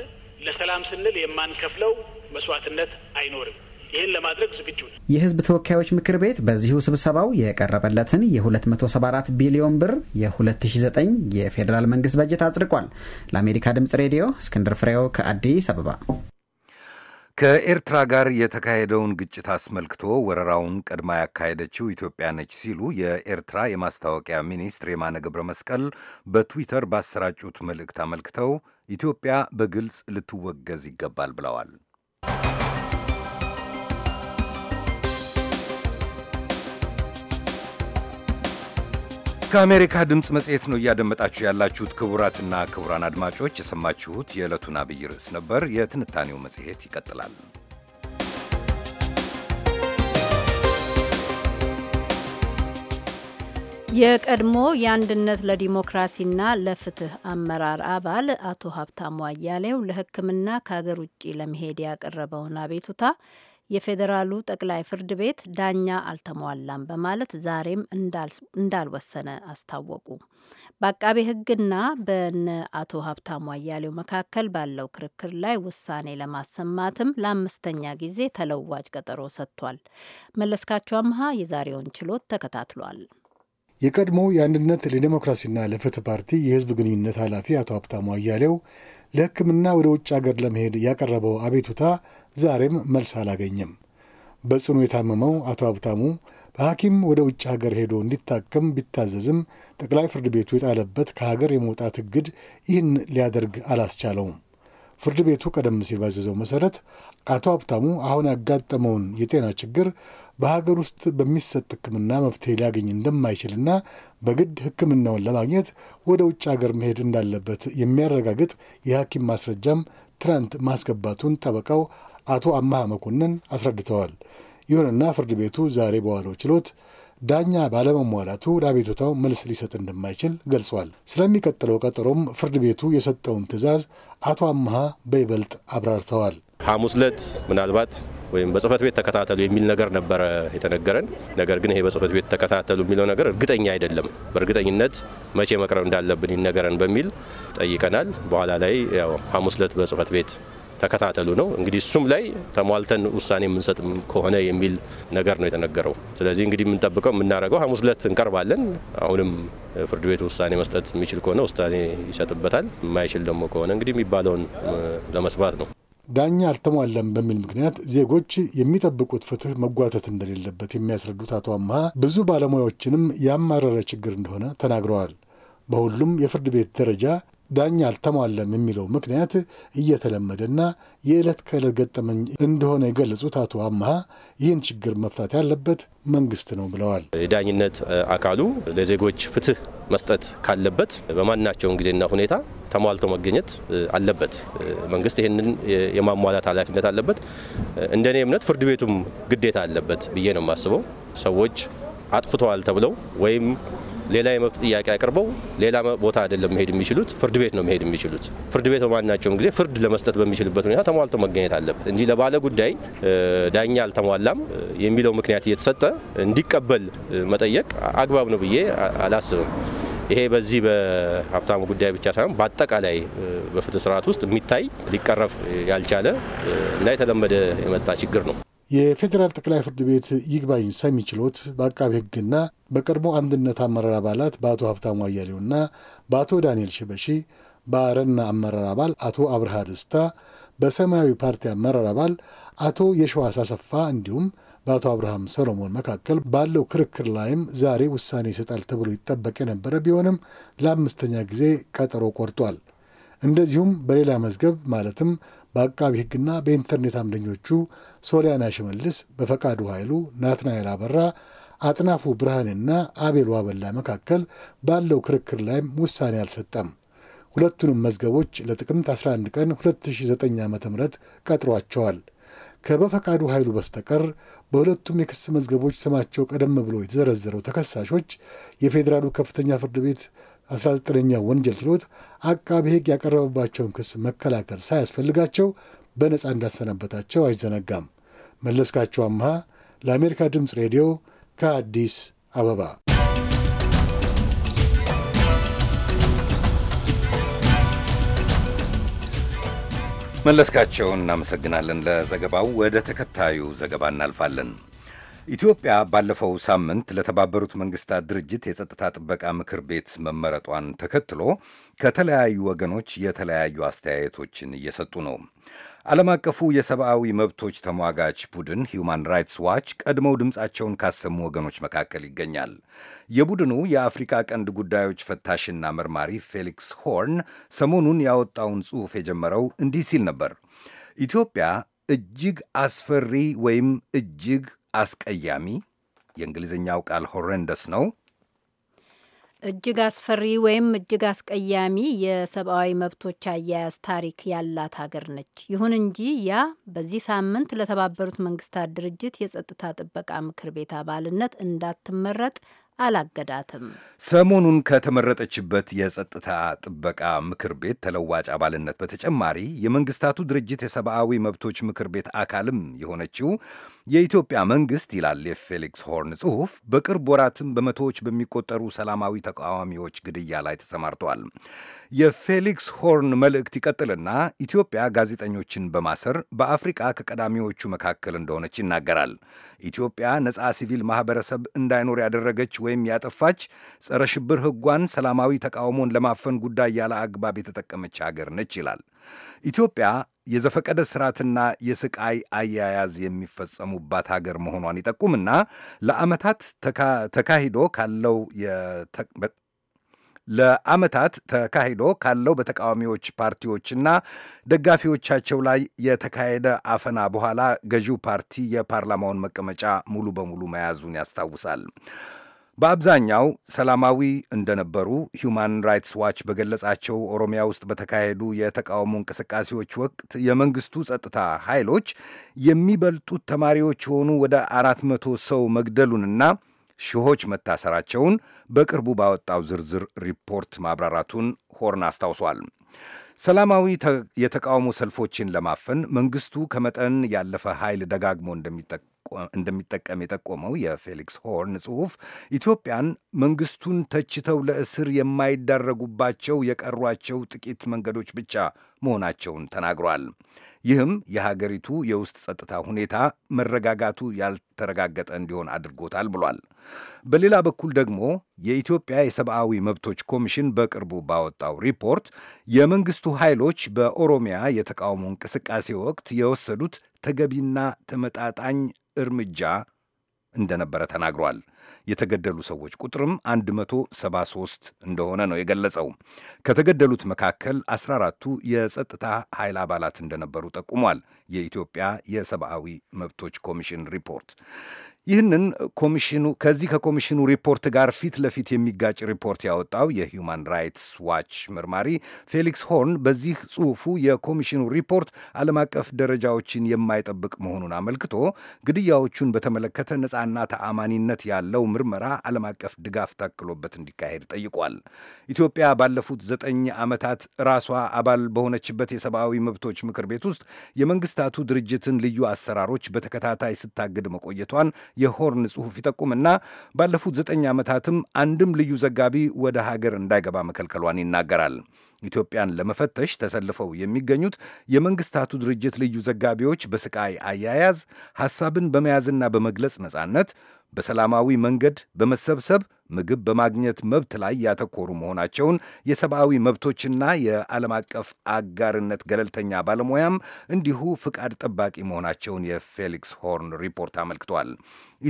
ለሰላም ስንል የማንከፍለው መስዋዕትነት አይኖርም። ይህን ለማድረግ ዝግጁ ነው። የህዝብ ተወካዮች ምክር ቤት በዚሁ ስብሰባው የቀረበለትን የ274 ቢሊዮን ብር የ2009 የፌዴራል መንግስት በጀት አጽድቋል። ለአሜሪካ ድምጽ ሬዲዮ እስክንድር ፍሬው ከአዲስ አበባ ከኤርትራ ጋር የተካሄደውን ግጭት አስመልክቶ ወረራውን ቀድማ ያካሄደችው ኢትዮጵያ ነች ሲሉ የኤርትራ የማስታወቂያ ሚኒስትር የማነ ገብረ መስቀል በትዊተር ባሰራጩት መልእክት አመልክተው ኢትዮጵያ በግልጽ ልትወገዝ ይገባል ብለዋል። ከአሜሪካ ድምፅ መጽሔት ነው እያደመጣችሁ ያላችሁት። ክቡራትና ክቡራን አድማጮች የሰማችሁት የዕለቱን አብይ ርዕስ ነበር። የትንታኔው መጽሔት ይቀጥላል። የቀድሞ የአንድነት ለዲሞክራሲና ለፍትህ አመራር አባል አቶ ሀብታሙ አያሌው ለሕክምና ከሀገር ውጭ ለመሄድ ያቀረበውን አቤቱታ የፌዴራሉ ጠቅላይ ፍርድ ቤት ዳኛ አልተሟላም በማለት ዛሬም እንዳልወሰነ አስታወቁ። በአቃቤ ሕግና በነ አቶ ሀብታሙ አያሌው መካከል ባለው ክርክር ላይ ውሳኔ ለማሰማትም ለአምስተኛ ጊዜ ተለዋጭ ቀጠሮ ሰጥቷል። መለስካቸው አምሃ የዛሬውን ችሎት ተከታትሏል። የቀድሞው የአንድነት ለዲሞክራሲና ለፍትህ ፓርቲ የህዝብ ግንኙነት ኃላፊ አቶ ሀብታሙ አያሌው ለሕክምና ወደ ውጭ አገር ለመሄድ ያቀረበው አቤቱታ ዛሬም መልስ አላገኘም። በጽኑ የታመመው አቶ ሀብታሙ በሐኪም ወደ ውጭ ሀገር ሄዶ እንዲታከም ቢታዘዝም ጠቅላይ ፍርድ ቤቱ የጣለበት ከሀገር የመውጣት እግድ ይህን ሊያደርግ አላስቻለውም። ፍርድ ቤቱ ቀደም ሲል ባዘዘው መሠረት አቶ ሀብታሙ አሁን ያጋጠመውን የጤና ችግር በሀገር ውስጥ በሚሰጥ ሕክምና መፍትሄ ሊያገኝ እንደማይችልና በግድ ሕክምናውን ለማግኘት ወደ ውጭ ሀገር መሄድ እንዳለበት የሚያረጋግጥ የሐኪም ማስረጃም ትናንት ማስገባቱን ጠበቃው አቶ አማሃ መኮንን አስረድተዋል። ይሁንና ፍርድ ቤቱ ዛሬ በዋለው ችሎት ዳኛ ባለመሟላቱ ለአቤቱታው መልስ ሊሰጥ እንደማይችል ገልጿል። ስለሚቀጥለው ቀጠሮም ፍርድ ቤቱ የሰጠውን ትዕዛዝ አቶ አመሀ በይበልጥ አብራርተዋል። ሐሙስ ዕለት ምናልባት ወይም በጽህፈት ቤት ተከታተሉ የሚል ነገር ነበረ የተነገረን። ነገር ግን ይሄ በጽህፈት ቤት ተከታተሉ የሚለው ነገር እርግጠኛ አይደለም። በእርግጠኝነት መቼ መቅረብ እንዳለብን ይነገረን በሚል ጠይቀናል። በኋላ ላይ ያው ሐሙስ ዕለት በጽህፈት ቤት ተከታተሉ ነው እንግዲህ እሱም ላይ ተሟልተን ውሳኔ የምንሰጥ ከሆነ የሚል ነገር ነው የተነገረው። ስለዚህ እንግዲህ የምንጠብቀው የምናደርገው ሐሙስ ዕለት እንቀርባለን። አሁንም ፍርድ ቤት ውሳኔ መስጠት የሚችል ከሆነ ውሳኔ ይሰጥበታል፣ የማይችል ደግሞ ከሆነ እንግዲህ የሚባለውን ለመስማት ነው። ዳኛ አልተሟላም በሚል ምክንያት ዜጎች የሚጠብቁት ፍትህ መጓተት እንደሌለበት የሚያስረዱት አቶ አመሀ ብዙ ባለሙያዎችንም ያማረረ ችግር እንደሆነ ተናግረዋል። በሁሉም የፍርድ ቤት ደረጃ ዳኛ አልተሟለም የሚለው ምክንያት እየተለመደና የዕለት ከዕለት ገጠመኝ እንደሆነ የገለጹት አቶ አመሀ ይህን ችግር መፍታት ያለበት መንግስት ነው ብለዋል። የዳኝነት አካሉ ለዜጎች ፍትህ መስጠት ካለበት በማናቸውም ጊዜና ሁኔታ ተሟልቶ መገኘት አለበት። መንግስት ይህንን የማሟላት ኃላፊነት አለበት። እንደ እኔ እምነት ፍርድ ቤቱም ግዴታ አለበት ብዬ ነው የማስበው። ሰዎች አጥፍተዋል ተብለው ወይም ሌላ የመብት ጥያቄ አቅርበው ሌላ ቦታ አይደለም መሄድ የሚችሉት፣ ፍርድ ቤት ነው መሄድ የሚችሉት። ፍርድ ቤት በማናቸውም ጊዜ ፍርድ ለመስጠት በሚችልበት ሁኔታ ተሟልቶ መገኘት አለበት እንጂ ለባለ ጉዳይ ዳኛ አልተሟላም የሚለው ምክንያት እየተሰጠ እንዲቀበል መጠየቅ አግባብ ነው ብዬ አላስብም። ይሄ በዚህ በሀብታሙ ጉዳይ ብቻ ሳይሆን በአጠቃላይ በፍትህ ስርዓት ውስጥ የሚታይ ሊቀረፍ ያልቻለ እና የተለመደ የመጣ ችግር ነው። የፌዴራል ጠቅላይ ፍርድ ቤት ይግባኝ ሰሚ ችሎት በአቃቢ ሕግና በቀድሞ አንድነት አመራር አባላት በአቶ ሀብታሙ አያሌውና በአቶ ዳንኤል ሽበሺ በአረና አመራር አባል አቶ አብርሃ ደስታ በሰማያዊ ፓርቲ አመራር አባል አቶ የሸዋስ አሰፋ እንዲሁም በአቶ አብርሃም ሰሎሞን መካከል ባለው ክርክር ላይም ዛሬ ውሳኔ ይሰጣል ተብሎ ይጠበቅ የነበረ ቢሆንም ለአምስተኛ ጊዜ ቀጠሮ ቆርጧል። እንደዚሁም በሌላ መዝገብ ማለትም በአቃቢ ሕግና በኢንተርኔት አምደኞቹ ሶሊያና ሽመልስ፣ በፈቃዱ ኃይሉ፣ ናትናኤል አበራ፣ አጥናፉ ብርሃንና አቤል ዋበላ መካከል ባለው ክርክር ላይም ውሳኔ አልሰጠም። ሁለቱንም መዝገቦች ለጥቅምት 11 ቀን 2009 ዓ ም ቀጥሯቸዋል። ከበፈቃዱ ኃይሉ በስተቀር በሁለቱም የክስ መዝገቦች ስማቸው ቀደም ብሎ የተዘረዘረው ተከሳሾች የፌዴራሉ ከፍተኛ ፍርድ ቤት 19ኛ ወንጀል ችሎት አቃቤ ሕግ ያቀረበባቸውን ክስ መከላከል ሳያስፈልጋቸው በነፃ እንዳሰናበታቸው አይዘነጋም። መለስካቸው አምሃ ለአሜሪካ ድምፅ ሬዲዮ ከአዲስ አበባ። መለስካቸውን እናመሰግናለን ለዘገባው። ወደ ተከታዩ ዘገባ እናልፋለን። ኢትዮጵያ ባለፈው ሳምንት ለተባበሩት መንግስታት ድርጅት የጸጥታ ጥበቃ ምክር ቤት መመረጧን ተከትሎ ከተለያዩ ወገኖች የተለያዩ አስተያየቶችን እየሰጡ ነው። ዓለም አቀፉ የሰብአዊ መብቶች ተሟጋች ቡድን ሂውማን ራይትስ ዋች ቀድመው ድምፃቸውን ካሰሙ ወገኖች መካከል ይገኛል። የቡድኑ የአፍሪካ ቀንድ ጉዳዮች ፈታሽና መርማሪ ፌሊክስ ሆርን ሰሞኑን ያወጣውን ጽሑፍ የጀመረው እንዲህ ሲል ነበር ኢትዮጵያ እጅግ አስፈሪ ወይም እጅግ አስቀያሚ የእንግሊዝኛው ቃል ሆረንደስ ነው። እጅግ አስፈሪ ወይም እጅግ አስቀያሚ የሰብአዊ መብቶች አያያዝ ታሪክ ያላት ሀገር ነች። ይሁን እንጂ ያ በዚህ ሳምንት ለተባበሩት መንግስታት ድርጅት የጸጥታ ጥበቃ ምክር ቤት አባልነት እንዳትመረጥ አላገዳትም። ሰሞኑን ከተመረጠችበት የጸጥታ ጥበቃ ምክር ቤት ተለዋጭ አባልነት በተጨማሪ የመንግስታቱ ድርጅት የሰብአዊ መብቶች ምክር ቤት አካልም የሆነችው የኢትዮጵያ መንግሥት ይላል የፌሊክስ ሆርን ጽሑፍ በቅርብ ወራትም በመቶዎች በሚቆጠሩ ሰላማዊ ተቃዋሚዎች ግድያ ላይ ተሰማርተዋል። የፌሊክስ ሆርን መልእክት ይቀጥልና ኢትዮጵያ ጋዜጠኞችን በማሰር በአፍሪቃ ከቀዳሚዎቹ መካከል እንደሆነች ይናገራል። ኢትዮጵያ ነፃ ሲቪል ማኅበረሰብ እንዳይኖር ያደረገች ወይም ያጠፋች፣ ጸረ ሽብር ህጓን ሰላማዊ ተቃውሞን ለማፈን ጉዳይ ያለ አግባብ የተጠቀመች አገር ነች ይላል። ኢትዮጵያ የዘፈቀደ ስርዓትና የስቃይ አያያዝ የሚፈጸሙባት ሀገር መሆኗን ይጠቁምና ለአመታት ተካሂዶ ካለው ለአመታት ተካሂዶ ካለው በተቃዋሚዎች ፓርቲዎችና ደጋፊዎቻቸው ላይ የተካሄደ አፈና በኋላ ገዢው ፓርቲ የፓርላማውን መቀመጫ ሙሉ በሙሉ መያዙን ያስታውሳል። በአብዛኛው ሰላማዊ እንደነበሩ ሁማን ራይትስ ዋች በገለጻቸው ኦሮሚያ ውስጥ በተካሄዱ የተቃውሞ እንቅስቃሴዎች ወቅት የመንግስቱ ጸጥታ ኃይሎች የሚበልጡት ተማሪዎች የሆኑ ወደ አራት መቶ ሰው መግደሉንና ሺዎች መታሰራቸውን በቅርቡ ባወጣው ዝርዝር ሪፖርት ማብራራቱን ሆርን አስታውሷል። ሰላማዊ የተቃውሞ ሰልፎችን ለማፈን መንግስቱ ከመጠን ያለፈ ኃይል ደጋግሞ እንደሚጠቅ እንደሚጠቀም የጠቆመው የፌሊክስ ሆርን ጽሑፍ ኢትዮጵያን መንግስቱን ተችተው ለእስር የማይዳረጉባቸው የቀሯቸው ጥቂት መንገዶች ብቻ መሆናቸውን ተናግሯል። ይህም የሀገሪቱ የውስጥ ጸጥታ ሁኔታ መረጋጋቱ ያልተረጋገጠ እንዲሆን አድርጎታል ብሏል። በሌላ በኩል ደግሞ የኢትዮጵያ የሰብአዊ መብቶች ኮሚሽን በቅርቡ ባወጣው ሪፖርት የመንግስቱ ኃይሎች በኦሮሚያ የተቃውሞ እንቅስቃሴ ወቅት የወሰዱት ተገቢና ተመጣጣኝ እርምጃ እንደነበረ ተናግሯል። የተገደሉ ሰዎች ቁጥርም 173 እንደሆነ ነው የገለጸው። ከተገደሉት መካከል 14ቱ የጸጥታ ኃይል አባላት እንደነበሩ ጠቁሟል። የኢትዮጵያ የሰብአዊ መብቶች ኮሚሽን ሪፖርት ይህንን ኮሚሽኑ ከዚህ ከኮሚሽኑ ሪፖርት ጋር ፊት ለፊት የሚጋጭ ሪፖርት ያወጣው የሂዩማን ራይትስ ዋች ምርማሪ ፌሊክስ ሆርን በዚህ ጽሑፉ የኮሚሽኑ ሪፖርት ዓለም አቀፍ ደረጃዎችን የማይጠብቅ መሆኑን አመልክቶ ግድያዎቹን በተመለከተ ነፃና ተአማኒነት ያለው ምርመራ ዓለም አቀፍ ድጋፍ ታክሎበት እንዲካሄድ ጠይቋል። ኢትዮጵያ ባለፉት ዘጠኝ ዓመታት ራሷ አባል በሆነችበት የሰብአዊ መብቶች ምክር ቤት ውስጥ የመንግስታቱ ድርጅትን ልዩ አሰራሮች በተከታታይ ስታግድ መቆየቷን የሆርን ጽሑፍ ይጠቁምና ባለፉት ዘጠኝ ዓመታትም አንድም ልዩ ዘጋቢ ወደ ሀገር እንዳይገባ መከልከሏን ይናገራል። ኢትዮጵያን ለመፈተሽ ተሰልፈው የሚገኙት የመንግስታቱ ድርጅት ልዩ ዘጋቢዎች በስቃይ አያያዝ፣ ሐሳብን በመያዝና በመግለጽ ነጻነት፣ በሰላማዊ መንገድ በመሰብሰብ ምግብ በማግኘት መብት ላይ ያተኮሩ መሆናቸውን የሰብአዊ መብቶችና የዓለም አቀፍ አጋርነት ገለልተኛ ባለሙያም እንዲሁ ፍቃድ ጠባቂ መሆናቸውን የፌሊክስ ሆርን ሪፖርት አመልክቷል።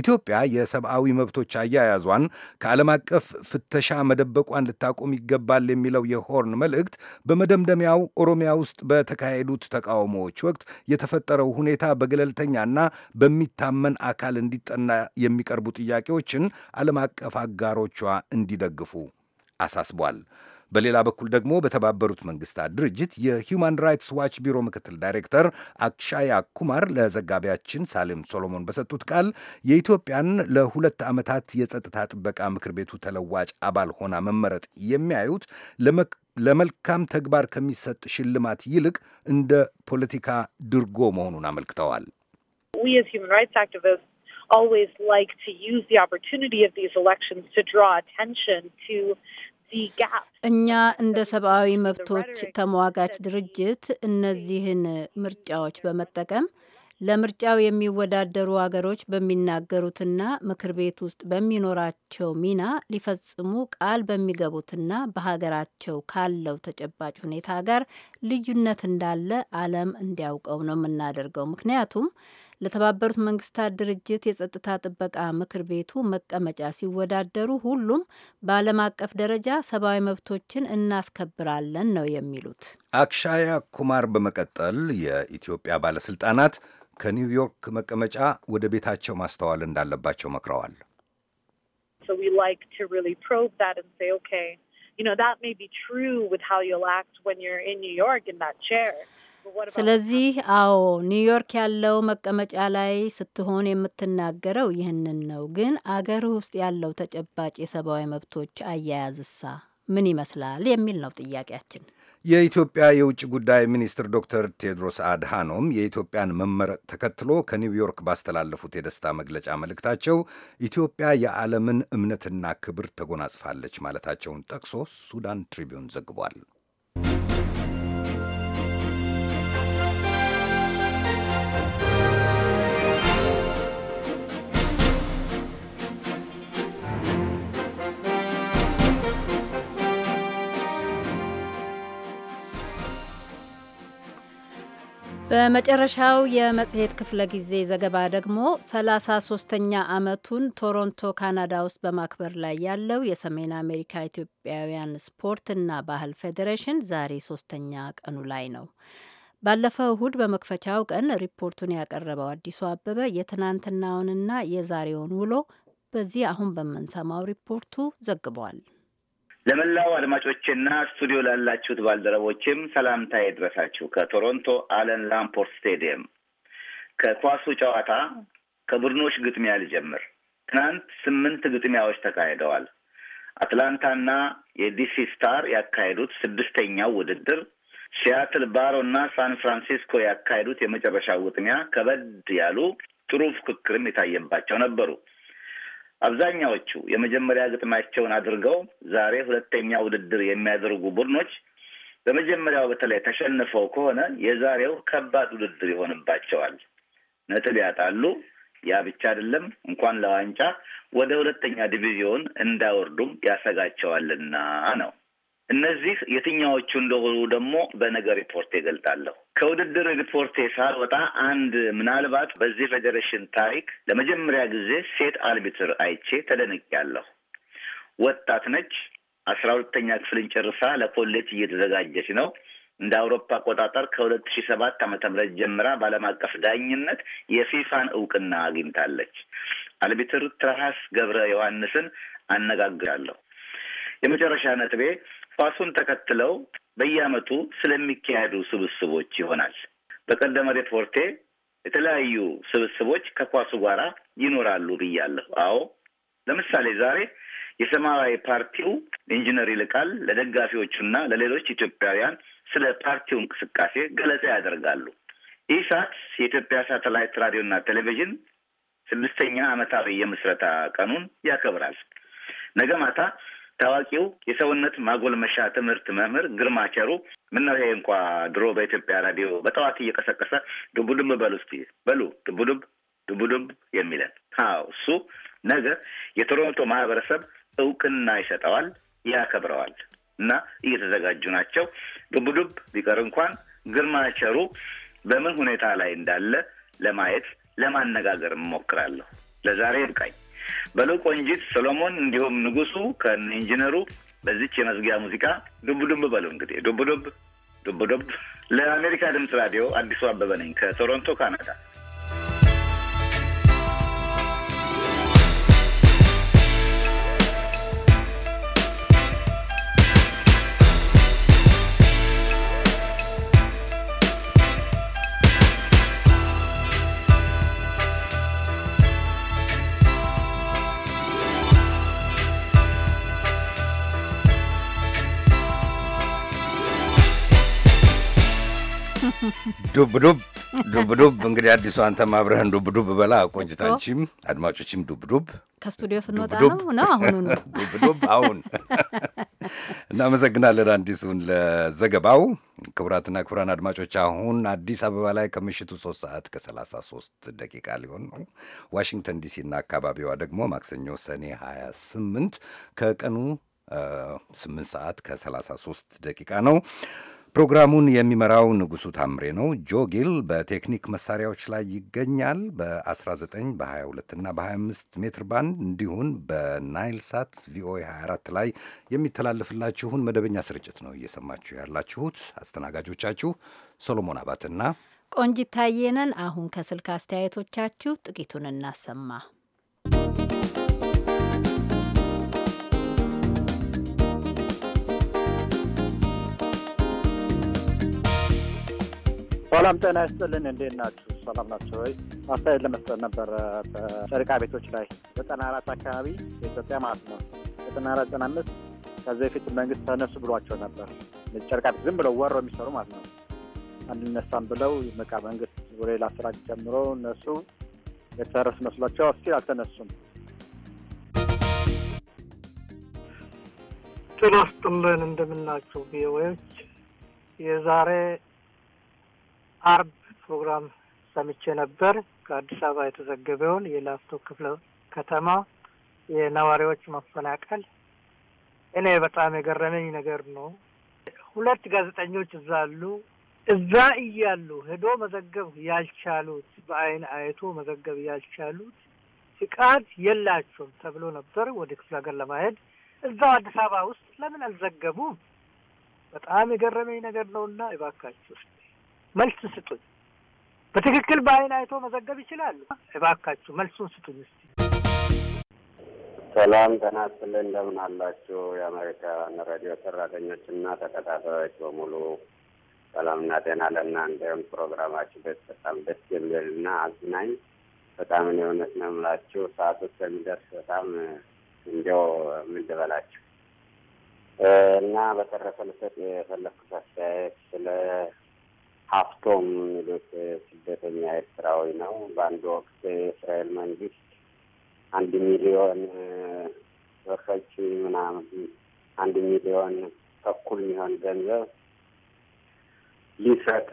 ኢትዮጵያ የሰብአዊ መብቶች አያያዟን ከዓለም አቀፍ ፍተሻ መደበቋን ልታቆም ይገባል የሚለው የሆርን መልእክት በመደምደሚያው ኦሮሚያ ውስጥ በተካሄዱት ተቃውሞዎች ወቅት የተፈጠረው ሁኔታ በገለልተኛና በሚታመን አካል እንዲጠና የሚቀርቡ ጥያቄዎችን ዓለም አቀፍ አጋ አጋሮቿ እንዲደግፉ አሳስቧል። በሌላ በኩል ደግሞ በተባበሩት መንግስታት ድርጅት የሂውማን ራይትስ ዋች ቢሮ ምክትል ዳይሬክተር አክሻያ ኩማር ለዘጋቢያችን ሳሌም ሶሎሞን በሰጡት ቃል የኢትዮጵያን ለሁለት ዓመታት የጸጥታ ጥበቃ ምክር ቤቱ ተለዋጭ አባል ሆና መመረጥ የሚያዩት ለመልካም ተግባር ከሚሰጥ ሽልማት ይልቅ እንደ ፖለቲካ ድርጎ መሆኑን አመልክተዋል። always like to use the opportunity of these elections to draw attention to እኛ እንደ ሰብአዊ መብቶች ተሟጋች ድርጅት እነዚህን ምርጫዎች በመጠቀም ለምርጫው የሚወዳደሩ አገሮች በሚናገሩትና ምክር ቤት ውስጥ በሚኖራቸው ሚና ሊፈጽሙ ቃል በሚገቡትና በሀገራቸው ካለው ተጨባጭ ሁኔታ ጋር ልዩነት እንዳለ ዓለም እንዲያውቀው ነው የምናደርገው ምክንያቱም ለተባበሩት መንግስታት ድርጅት የጸጥታ ጥበቃ ምክር ቤቱ መቀመጫ ሲወዳደሩ ሁሉም በዓለም አቀፍ ደረጃ ሰብአዊ መብቶችን እናስከብራለን ነው የሚሉት። አክሻያ ኩማር በመቀጠል የኢትዮጵያ ባለስልጣናት ከኒውዮርክ መቀመጫ ወደ ቤታቸው ማስተዋል እንዳለባቸው መክረዋል። ስለዚህ አዎ ኒውዮርክ ያለው መቀመጫ ላይ ስትሆን የምትናገረው ይህንን ነው። ግን አገር ውስጥ ያለው ተጨባጭ የሰብአዊ መብቶች አያያዝሳ ምን ይመስላል የሚል ነው ጥያቄያችን። የኢትዮጵያ የውጭ ጉዳይ ሚኒስትር ዶክተር ቴድሮስ አድሃኖም የኢትዮጵያን መመረጥ ተከትሎ ከኒውዮርክ ባስተላለፉት የደስታ መግለጫ መልእክታቸው ኢትዮጵያ የዓለምን እምነትና ክብር ተጎናጽፋለች ማለታቸውን ጠቅሶ ሱዳን ትሪቢዩን ዘግቧል። በመጨረሻው የመጽሔት ክፍለ ጊዜ ዘገባ ደግሞ 33ኛ ዓመቱን ቶሮንቶ ካናዳ ውስጥ በማክበር ላይ ያለው የሰሜን አሜሪካ ኢትዮጵያውያን ስፖርትና ባህል ፌዴሬሽን ዛሬ ሶስተኛ ቀኑ ላይ ነው። ባለፈው እሁድ በመክፈቻው ቀን ሪፖርቱን ያቀረበው አዲሱ አበበ የትናንትናውንና የዛሬውን ውሎ በዚህ አሁን በምንሰማው ሪፖርቱ ዘግቧል። ለመላው አድማጮችና ስቱዲዮ ላላችሁት ባልደረቦችም ሰላምታ የድረሳችሁ ከቶሮንቶ አለን ላምፖርት ስቴዲየም ከኳሱ ጨዋታ ከቡድኖች ግጥሚያ ልጀምር። ትናንት ስምንት ግጥሚያዎች ተካሂደዋል። አትላንታና የዲሲ ስታር ያካሄዱት ስድስተኛው ውድድር፣ ሲያትል ባሮ እና ሳን ፍራንሲስኮ ያካሄዱት የመጨረሻው ግጥሚያ ከበድ ያሉ ጥሩ ፉክክርም የታየባቸው ነበሩ። አብዛኛዎቹ የመጀመሪያ ግጥሚያቸውን አድርገው ዛሬ ሁለተኛ ውድድር የሚያደርጉ ቡድኖች በመጀመሪያው በተለይ ተሸንፈው ከሆነ የዛሬው ከባድ ውድድር ይሆንባቸዋል። ነጥብ ያጣሉ። ያ ብቻ አይደለም፣ እንኳን ለዋንጫ ወደ ሁለተኛ ዲቪዚዮን እንዳይወርዱም ያሰጋቸዋልና ነው። እነዚህ የትኛዎቹ እንደሆኑ ደግሞ በነገ ሪፖርት ይገልጣለሁ። ከውድድር ሪፖርት ስፖርቴ ሳልወጣ አንድ ምናልባት በዚህ ፌዴሬሽን ታሪክ ለመጀመሪያ ጊዜ ሴት አልቢትር አይቼ ተደንቄያለሁ። ወጣት ነች። አስራ ሁለተኛ ክፍልን ጨርሳ ለኮሌጅ እየተዘጋጀች ነው። እንደ አውሮፓ አቆጣጠር ከሁለት ሺ ሰባት ዓመተ ምህረት ጀምራ በዓለም አቀፍ ዳኝነት የፊፋን እውቅና አግኝታለች። አልቢትር ትራሃስ ገብረ ዮሐንስን አነጋግራለሁ። የመጨረሻ ነጥቤ ኳሱን ተከትለው በየዓመቱ ስለሚካሄዱ ስብስቦች ይሆናል። በቀደመ ሪፖርቴ የተለያዩ ስብስቦች ከኳሱ ጋር ይኖራሉ ብያለሁ። አዎ ለምሳሌ ዛሬ የሰማያዊ ፓርቲው ኢንጂነር ይልቃል ለደጋፊዎቹና ለሌሎች ኢትዮጵያውያን ስለ ፓርቲው እንቅስቃሴ ገለጻ ያደርጋሉ። ኢሳት የኢትዮጵያ ሳተላይት ራዲዮና ቴሌቪዥን ስድስተኛ ዓመታዊ የምስረታ ቀኑን ያከብራል። ነገ ማታ ታዋቂው የሰውነት ማጎልመሻ ትምህርት መምህር ግርማቸሩ ምነው ይሄ እንኳ ድሮ በኢትዮጵያ ራዲዮ በጠዋት እየቀሰቀሰ ድቡድብ በሉ እስኪ በሉ ድቡድብ ድቡድብ የሚለን አዎ፣ እሱ ነገ የቶሮንቶ ማህበረሰብ እውቅና ይሰጠዋል፣ ያከብረዋል። እና እየተዘጋጁ ናቸው። ድቡድብ ቢቀር እንኳን ግርማቸሩ በምን ሁኔታ ላይ እንዳለ ለማየት ለማነጋገር እሞክራለሁ። ለዛሬ ይብቃኝ። በለው ቆንጂት፣ ሰሎሞን እንዲሁም ንጉሱ ከኢንጂነሩ ኢንጂነሩ በዚች የመዝጊያ ሙዚቃ ዱብ ዱብ በሉ እንግዲህ ዱብ ዱብ ዱብ ዱብ። ለአሜሪካ ድምፅ ራዲዮ አዲሱ አበበ ነኝ ከቶሮንቶ ካናዳ። ዱብ ዱብ ዱብ ዱብ እንግዲህ አዲሱ አንተ ማብረህን ዱብ ዱብ በላ ቆንጅታንቺም አድማጮችም ዱብ ዱብ ከስቱዲዮ ስንወጣ ነው ነው አሁኑ ነው ዱብ ዱብ አሁን። እናመሰግናለን አዲሱን ለዘገባው። ክቡራትና ክቡራን አድማጮች አሁን አዲስ አበባ ላይ ከምሽቱ 3 ሰዓት ከ ሶስት ደቂቃ ሊሆን ነው። ዋሽንግተን ዲሲና አካባቢዋ ደግሞ ማክሰኞ ሰኔ 28 ከቀኑ 8 ሰዓት ከሰላሳ ሶስት ደቂቃ ነው። ፕሮግራሙን የሚመራው ንጉሱ ታምሬ ነው። ጆጊል በቴክኒክ መሳሪያዎች ላይ ይገኛል። በ19 በ22 እና በ25 ሜትር ባንድ እንዲሁም በናይል ሳት ቪኦኤ 24 ላይ የሚተላለፍላችሁን መደበኛ ስርጭት ነው እየሰማችሁ ያላችሁት። አስተናጋጆቻችሁ ሶሎሞን አባትና ቆንጂት ታየነን። አሁን ከስልክ አስተያየቶቻችሁ ጥቂቱን እናሰማ። ሰላም ጤና ይስጥልን። እንዴት ናችሁ? ሰላም ናቸው ወይ? አስተያየት ለመስጠት ነበረ በጨርቃ ቤቶች ላይ ዘጠና አራት አካባቢ የኢትዮጵያ ማለት ነው ዘጠና አራት ዘጠና አምስት ከዚ በፊት መንግስት ተነሱ ብሏቸው ነበር። ጨርቃ ቤት ዝም ብለው ወሮ የሚሰሩ ማለት ነው አንነሳም ብለው በቃ መንግስት ወደ ሌላ ስራ ጀምሮ እነሱ የተረሱ መስሏቸው እስኪ አልተነሱም። ጤና ይስጥልን። እንደምናችሁ ቪኦኤዎች የዛሬ አርብ ፕሮግራም ሰምቼ ነበር። ከአዲስ አበባ የተዘገበውን የላፍቶ ክፍለ ከተማ የነዋሪዎች መፈናቀል እኔ በጣም የገረመኝ ነገር ነው። ሁለት ጋዜጠኞች እዛ አሉ። እዛ እያሉ ሄዶ መዘገብ ያልቻሉት በአይን አይቶ መዘገብ ያልቻሉት ፍቃድ የላቸውም ተብሎ ነበር ወደ ክፍለ ሀገር ለማሄድ እዛው አዲስ አበባ ውስጥ ለምን አልዘገቡም? በጣም የገረመኝ ነገር ነውና እባካችሁ መልስ ስጡኝ። በትክክል በአይን አይቶ መዘገብ ይችላሉ። እባካችሁ መልሱን ስጡኝ እስኪ። ሰላም ተናስል እንደምን አላችሁ? የአሜሪካን ሬዲዮ ሰራተኞች እና ተከታታዮች በሙሉ ሰላምና ጤና ለእናንተ ይሁን። ፕሮግራማችሁ ቤት በጣም ደስ የሚል የሚልና አዝናኝ በጣም እኔ እውነት ነው የምላችሁ ሰዓቱ እስከሚደርስ በጣም እንዲያው ምን ልበላችሁ እና በተረፈ ልሰጥ የፈለግኩት አስተያየት ስለ ሀፍቶም የሚሉት ስደተኛ ኤርትራዊ ነው። በአንድ ወቅት የእስራኤል መንግስት አንድ ሚሊዮን ወፈች ምናምን አንድ ሚሊዮን ተኩል የሚሆን ገንዘብ ሊሰጥ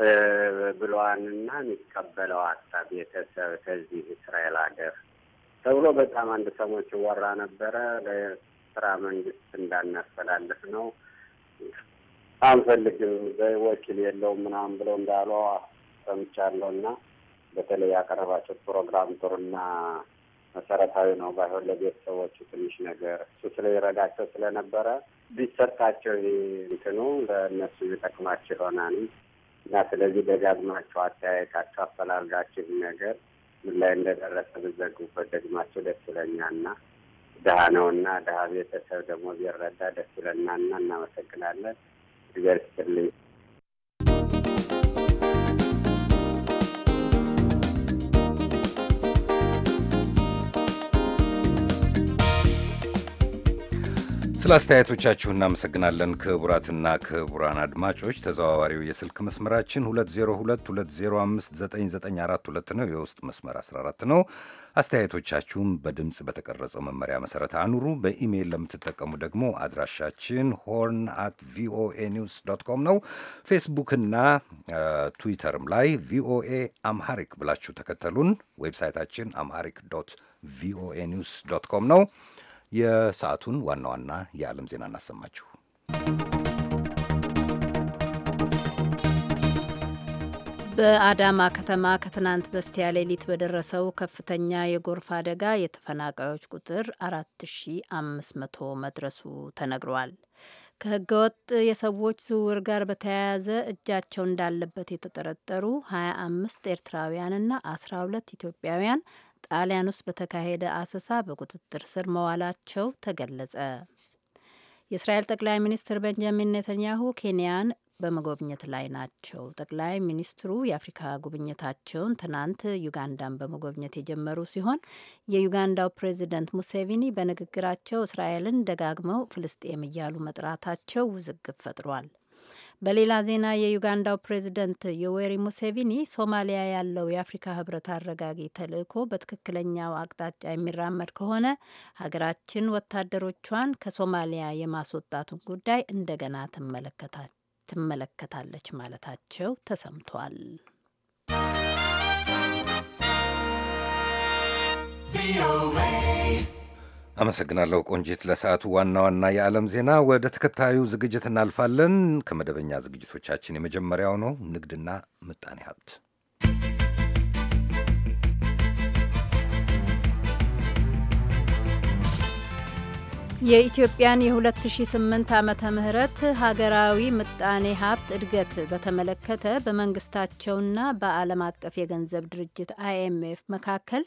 ብለዋንና የሚቀበለው ሀሳብ ቤተሰብ ከዚህ እስራኤል ሀገር ተብሎ በጣም አንድ ሰሞች ወራ ነበረ። ለኤርትራ መንግስት እንዳናስተላልፍ ነው አንፈልግም ወኪል የለውም ምናምን ብለው እንዳሉ ሰምቻለሁ። እና በተለይ ያቀረባቸው ፕሮግራም ጥሩና መሰረታዊ ነው። ባይሆን ለቤተሰቦቹ ትንሽ ነገር እሱ ስለይረዳቸው ስለነበረ ቢሰጣቸው እንትኑ ለእነሱ ይጠቅማቸው ይሆናል እና ስለዚህ ደጋግማቸው አተያየታቸው አፈላልጋችሁ ነገር ምን ላይ እንደደረሰ ብዘግቡበት ደግማቸው ደስ ይለኛል እና ድሀ ነውና ድሀ ቤተሰብ ደግሞ ቢረዳ ደስ ይለናልና እናመሰግናለን። diverse per ስለ አስተያየቶቻችሁ እናመሰግናለን። ክቡራትና ክቡራን አድማጮች ተዘዋዋሪው የስልክ መስመራችን 2022059942 ነው። የውስጥ መስመር 14 ነው። አስተያየቶቻችሁም በድምፅ በተቀረጸው መመሪያ መሰረት አኑሩ። በኢሜይል ለምትጠቀሙ ደግሞ አድራሻችን ሆርን አት ቪኦኤ ኒውስ ዶት ኮም ነው። ፌስቡክና ትዊተርም ላይ ቪኦኤ አምሃሪክ ብላችሁ ተከተሉን። ዌብሳይታችን አምሃሪክ ዶት ቪኦኤ ኒውስ ዶት ኮም ነው። የሰዓቱን ዋና ዋና የዓለም ዜና እናሰማችሁ። በአዳማ ከተማ ከትናንት በስቲያ ሌሊት በደረሰው ከፍተኛ የጎርፍ አደጋ የተፈናቃዮች ቁጥር 4500 መድረሱ ተነግሯል። ከህገወጥ የሰዎች ዝውውር ጋር በተያያዘ እጃቸው እንዳለበት የተጠረጠሩ 25 ኤርትራውያንና 12 ኢትዮጵያውያን ጣሊያን ውስጥ በተካሄደ አሰሳ በቁጥጥር ስር መዋላቸው ተገለጸ። የእስራኤል ጠቅላይ ሚኒስትር ቤንጃሚን ኔተንያሁ ኬንያን በመጎብኘት ላይ ናቸው። ጠቅላይ ሚኒስትሩ የአፍሪካ ጉብኝታቸውን ትናንት ዩጋንዳን በመጎብኘት የጀመሩ ሲሆን የዩጋንዳው ፕሬዚደንት ሙሴቪኒ በንግግራቸው እስራኤልን ደጋግመው ፍልስጤም እያሉ መጥራታቸው ውዝግብ ፈጥሯል። በሌላ ዜና የዩጋንዳው ፕሬዚደንት ዮዌሪ ሙሴቪኒ ሶማሊያ ያለው የአፍሪካ ህብረት አረጋጊ ተልዕኮ በትክክለኛው አቅጣጫ የሚራመድ ከሆነ ሀገራችን ወታደሮቿን ከሶማሊያ የማስወጣቱን ጉዳይ እንደገና ትመለከታለች ማለታቸው ተሰምቷል። ቪኦኤ አመሰግናለሁ ቆንጂት። ለሰዓቱ ዋና ዋና የዓለም ዜና። ወደ ተከታዩ ዝግጅት እናልፋለን። ከመደበኛ ዝግጅቶቻችን የመጀመሪያው ነው፣ ንግድና ምጣኔ ሀብት የኢትዮጵያን የ2008 ዓመተ ምህረት ሀገራዊ ምጣኔ ሀብት እድገት በተመለከተ በመንግስታቸውና በዓለም አቀፍ የገንዘብ ድርጅት አይኤምኤፍ መካከል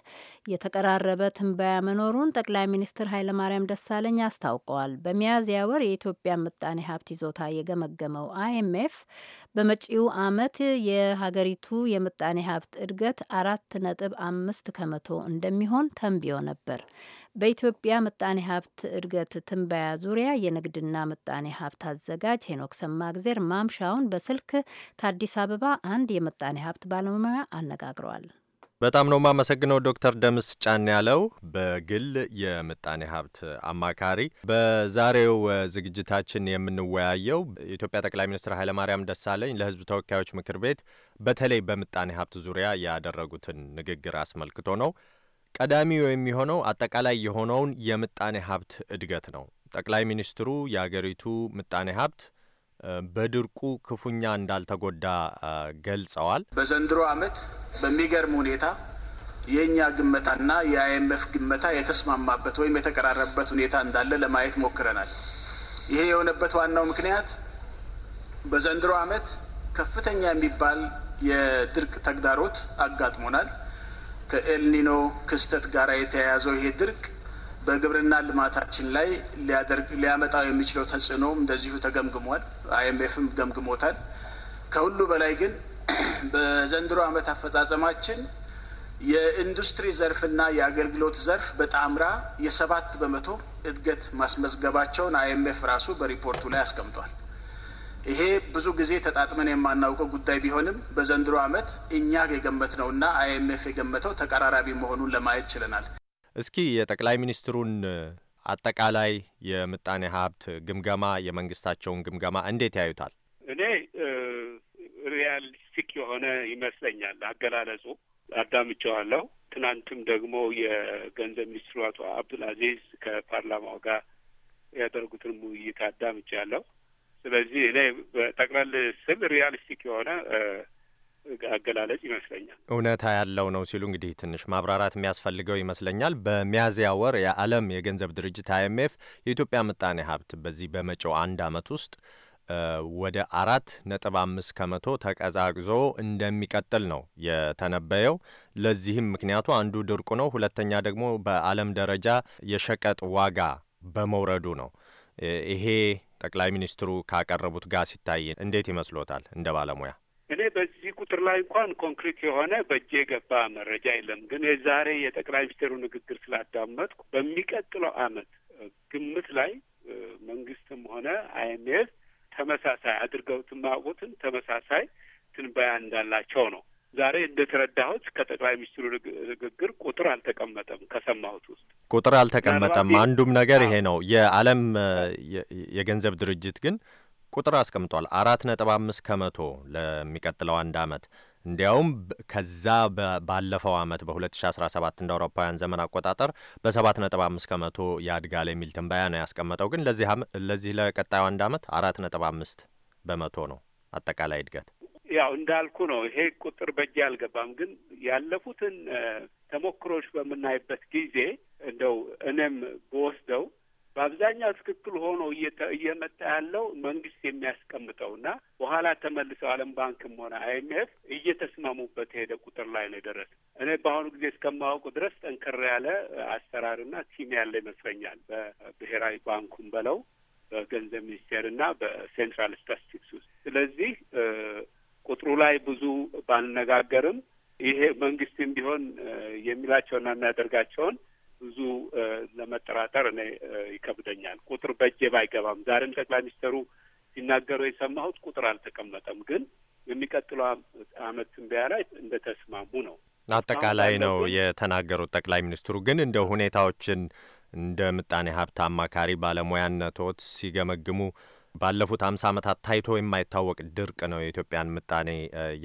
የተቀራረበ ትንበያ መኖሩን ጠቅላይ ሚኒስትር ኃይለማርያም ደሳለኝ አስታውቀዋል። በሚያዝያ ወር የኢትዮጵያን ምጣኔ ሀብት ይዞታ የገመገመው አይኤምኤፍ በመጪው ዓመት የሀገሪቱ የምጣኔ ሀብት እድገት አራት ነጥብ አምስት ከመቶ እንደሚሆን ተንብዮ ነበር። በኢትዮጵያ ምጣኔ ሀብት እድገት ትንበያ ዙሪያ የንግድና ምጣኔ ሀብት አዘጋጅ ሄኖክ ሰማግዜር ማምሻውን በስልክ ከአዲስ አበባ አንድ የምጣኔ ሀብት ባለሙያ አነጋግረዋል። በጣም ነው የማመሰግነው ዶክተር ደምስ ጫን ያለው በግል የምጣኔ ሀብት አማካሪ። በዛሬው ዝግጅታችን የምንወያየው የኢትዮጵያ ጠቅላይ ሚኒስትር ኃይለማርያም ደሳለኝ ለሕዝብ ተወካዮች ምክር ቤት በተለይ በምጣኔ ሀብት ዙሪያ ያደረጉትን ንግግር አስመልክቶ ነው። ቀዳሚው የሚሆነው አጠቃላይ የሆነውን የምጣኔ ሀብት እድገት ነው። ጠቅላይ ሚኒስትሩ የአገሪቱ ምጣኔ ሀብት በድርቁ ክፉኛ እንዳልተጎዳ ገልጸዋል። በዘንድሮ ዓመት በሚገርም ሁኔታ የእኛ ግመታና የአይኤምኤፍ ግመታ የተስማማበት ወይም የተቀራረበበት ሁኔታ እንዳለ ለማየት ሞክረናል። ይሄ የሆነበት ዋናው ምክንያት በዘንድሮ ዓመት ከፍተኛ የሚባል የድርቅ ተግዳሮት አጋጥሞናል። ከኤልኒኖ ክስተት ጋር የተያያዘው ይሄ ድርቅ በግብርና ልማታችን ላይ ሊያመጣው የሚችለው ተጽዕኖ እንደዚሁ ተገምግሟል። አይኤምኤፍም ገምግሞታል። ከሁሉ በላይ ግን በዘንድሮ ዓመት አፈጻጸማችን የኢንዱስትሪ ዘርፍና የአገልግሎት ዘርፍ በጣምራ የሰባት በመቶ እድገት ማስመዝገባቸውን አይኤምኤፍ ራሱ በሪፖርቱ ላይ አስቀምጧል። ይሄ ብዙ ጊዜ ተጣጥመን የማናውቀው ጉዳይ ቢሆንም በዘንድሮ ዓመት እኛ የገመት ና አይኤምኤፍ የገመተው ተቀራራቢ መሆኑን ለማየት ችለናል። እስኪ የጠቅላይ ሚኒስትሩን አጠቃላይ የምጣኔ ሀብት ግምገማ፣ የመንግስታቸውን ግምገማ እንዴት ያዩታል? እኔ ሪያሊስቲክ የሆነ ይመስለኛል አገላለጹ። አዳምቸዋለሁ። ትናንትም ደግሞ የገንዘብ ሚኒስትሩ አቶ አብዱል አዚዝ ከፓርላማው ጋር ያደርጉትን ውይይት አዳምቻለሁ። ስለዚህ እኔ ጠቅለል ስል ሪያሊስቲክ የሆነ አገላለጽ ይመስለኛል እውነታ ያለው ነው ሲሉ እንግዲህ ትንሽ ማብራራት የሚያስፈልገው ይመስለኛል። በሚያዝያ ወር የዓለም የገንዘብ ድርጅት አይኤምኤፍ የኢትዮጵያ ምጣኔ ሀብት በዚህ በመጪው አንድ ዓመት ውስጥ ወደ አራት ነጥብ አምስት ከመቶ ተቀዛቅዞ እንደሚቀጥል ነው የተነበየው። ለዚህም ምክንያቱ አንዱ ድርቁ ነው። ሁለተኛ ደግሞ በዓለም ደረጃ የሸቀጥ ዋጋ በመውረዱ ነው። ይሄ ጠቅላይ ሚኒስትሩ ካቀረቡት ጋር ሲታይ እንዴት ይመስሎታል? እንደ ባለሙያ እኔ በዚህ ቁጥር ላይ እንኳን ኮንክሪት የሆነ በእጄ የገባ መረጃ የለም። ግን የዛሬ የጠቅላይ ሚኒስትሩ ንግግር ስላዳመጥኩ በሚቀጥለው አመት ግምት ላይ መንግስትም ሆነ አይኤምኤፍ ተመሳሳይ አድርገውት ተመሳሳይ ትንበያ እንዳላቸው ነው ዛሬ እንደተረዳሁት ከጠቅላይ ሚኒስትሩ ንግግር ቁጥር አልተቀመጠም። ከሰማሁት ውስጥ ቁጥር አልተቀመጠም። አንዱም ነገር ይሄ ነው። የዓለም የገንዘብ ድርጅት ግን ቁጥር አስቀምጧል። አራት ነጥብ አምስት ከመቶ ለሚቀጥለው አንድ አመት እንዲያውም ከዛ ባለፈው አመት በ2017 እንደ አውሮፓውያን ዘመን አቆጣጠር በ7 5 ከመቶ ያድጋል የሚል ትንበያ ነው ያስቀመጠው። ግን ለዚህ ለቀጣዩ አንድ አመት 4 ነጥብ 5 በመቶ ነው አጠቃላይ እድገት። ያው እንዳልኩ ነው። ይሄ ቁጥር በእጅ አልገባም፣ ግን ያለፉትን ተሞክሮች በምናይበት ጊዜ እንደው እኔም በወስደው በአብዛኛው ትክክል ሆኖ እየመጣ ያለው መንግስት የሚያስቀምጠው እና በኋላ ተመልሰው ዓለም ባንክም ሆነ አይኤምኤፍ እየተስማሙበት የሄደ ቁጥር ላይ ነው የደረሰ። እኔ በአሁኑ ጊዜ እስከማወቁ ድረስ ጠንከር ያለ አሰራርና ቲም ያለ ይመስለኛል። በብሔራዊ ባንኩም በለው በገንዘብ ሚኒስቴር እና በሴንትራል ስታስቲክስ ውስጥ ስለዚህ ቁጥሩ ላይ ብዙ ባልነጋገርም ይሄ መንግስትም ቢሆን የሚላቸውና የሚያደርጋቸውን ብዙ ለመጠራጠር እኔ ይከብደኛል። ቁጥር በእጄ ባይገባም ዛሬም ጠቅላይ ሚኒስትሩ ሲናገሩ የሰማሁት ቁጥር አልተቀመጠም፣ ግን የሚቀጥለው አመት ትንበያ ላይ እንደተስማሙ ነው። አጠቃላይ ነው የተናገሩት ጠቅላይ ሚኒስትሩ። ግን እንደ ሁኔታዎችን እንደ ምጣኔ ሀብት አማካሪ ባለሙያነቶት ሲገመግሙ ባለፉት ሀምሳ ዓመታት ታይቶ የማይታወቅ ድርቅ ነው የኢትዮጵያን ምጣኔ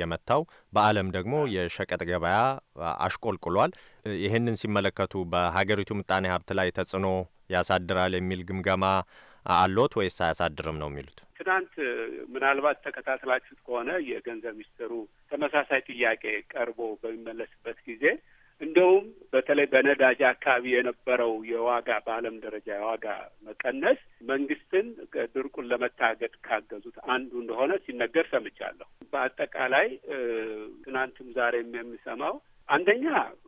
የመታው። በዓለም ደግሞ የሸቀጥ ገበያ አሽቆልቁሏል። ይህንን ሲመለከቱ በሀገሪቱ ምጣኔ ሀብት ላይ ተጽዕኖ ያሳድራል የሚል ግምገማ አሎት ወይስ አያሳድርም ነው የሚሉት? ትናንት ምናልባት ተከታትላችሁት ከሆነ የገንዘብ ሚኒስትሩ ተመሳሳይ ጥያቄ ቀርቦ በሚመለስበት ጊዜ እንደውም በተለይ በነዳጅ አካባቢ የነበረው የዋጋ በዓለም ደረጃ የዋጋ መቀነስ መንግስትን ድርቁን ለመታገድ ካገዙት አንዱ እንደሆነ ሲነገር ሰምቻለሁ። በአጠቃላይ ትናንትም ዛሬም የሚሰማው አንደኛ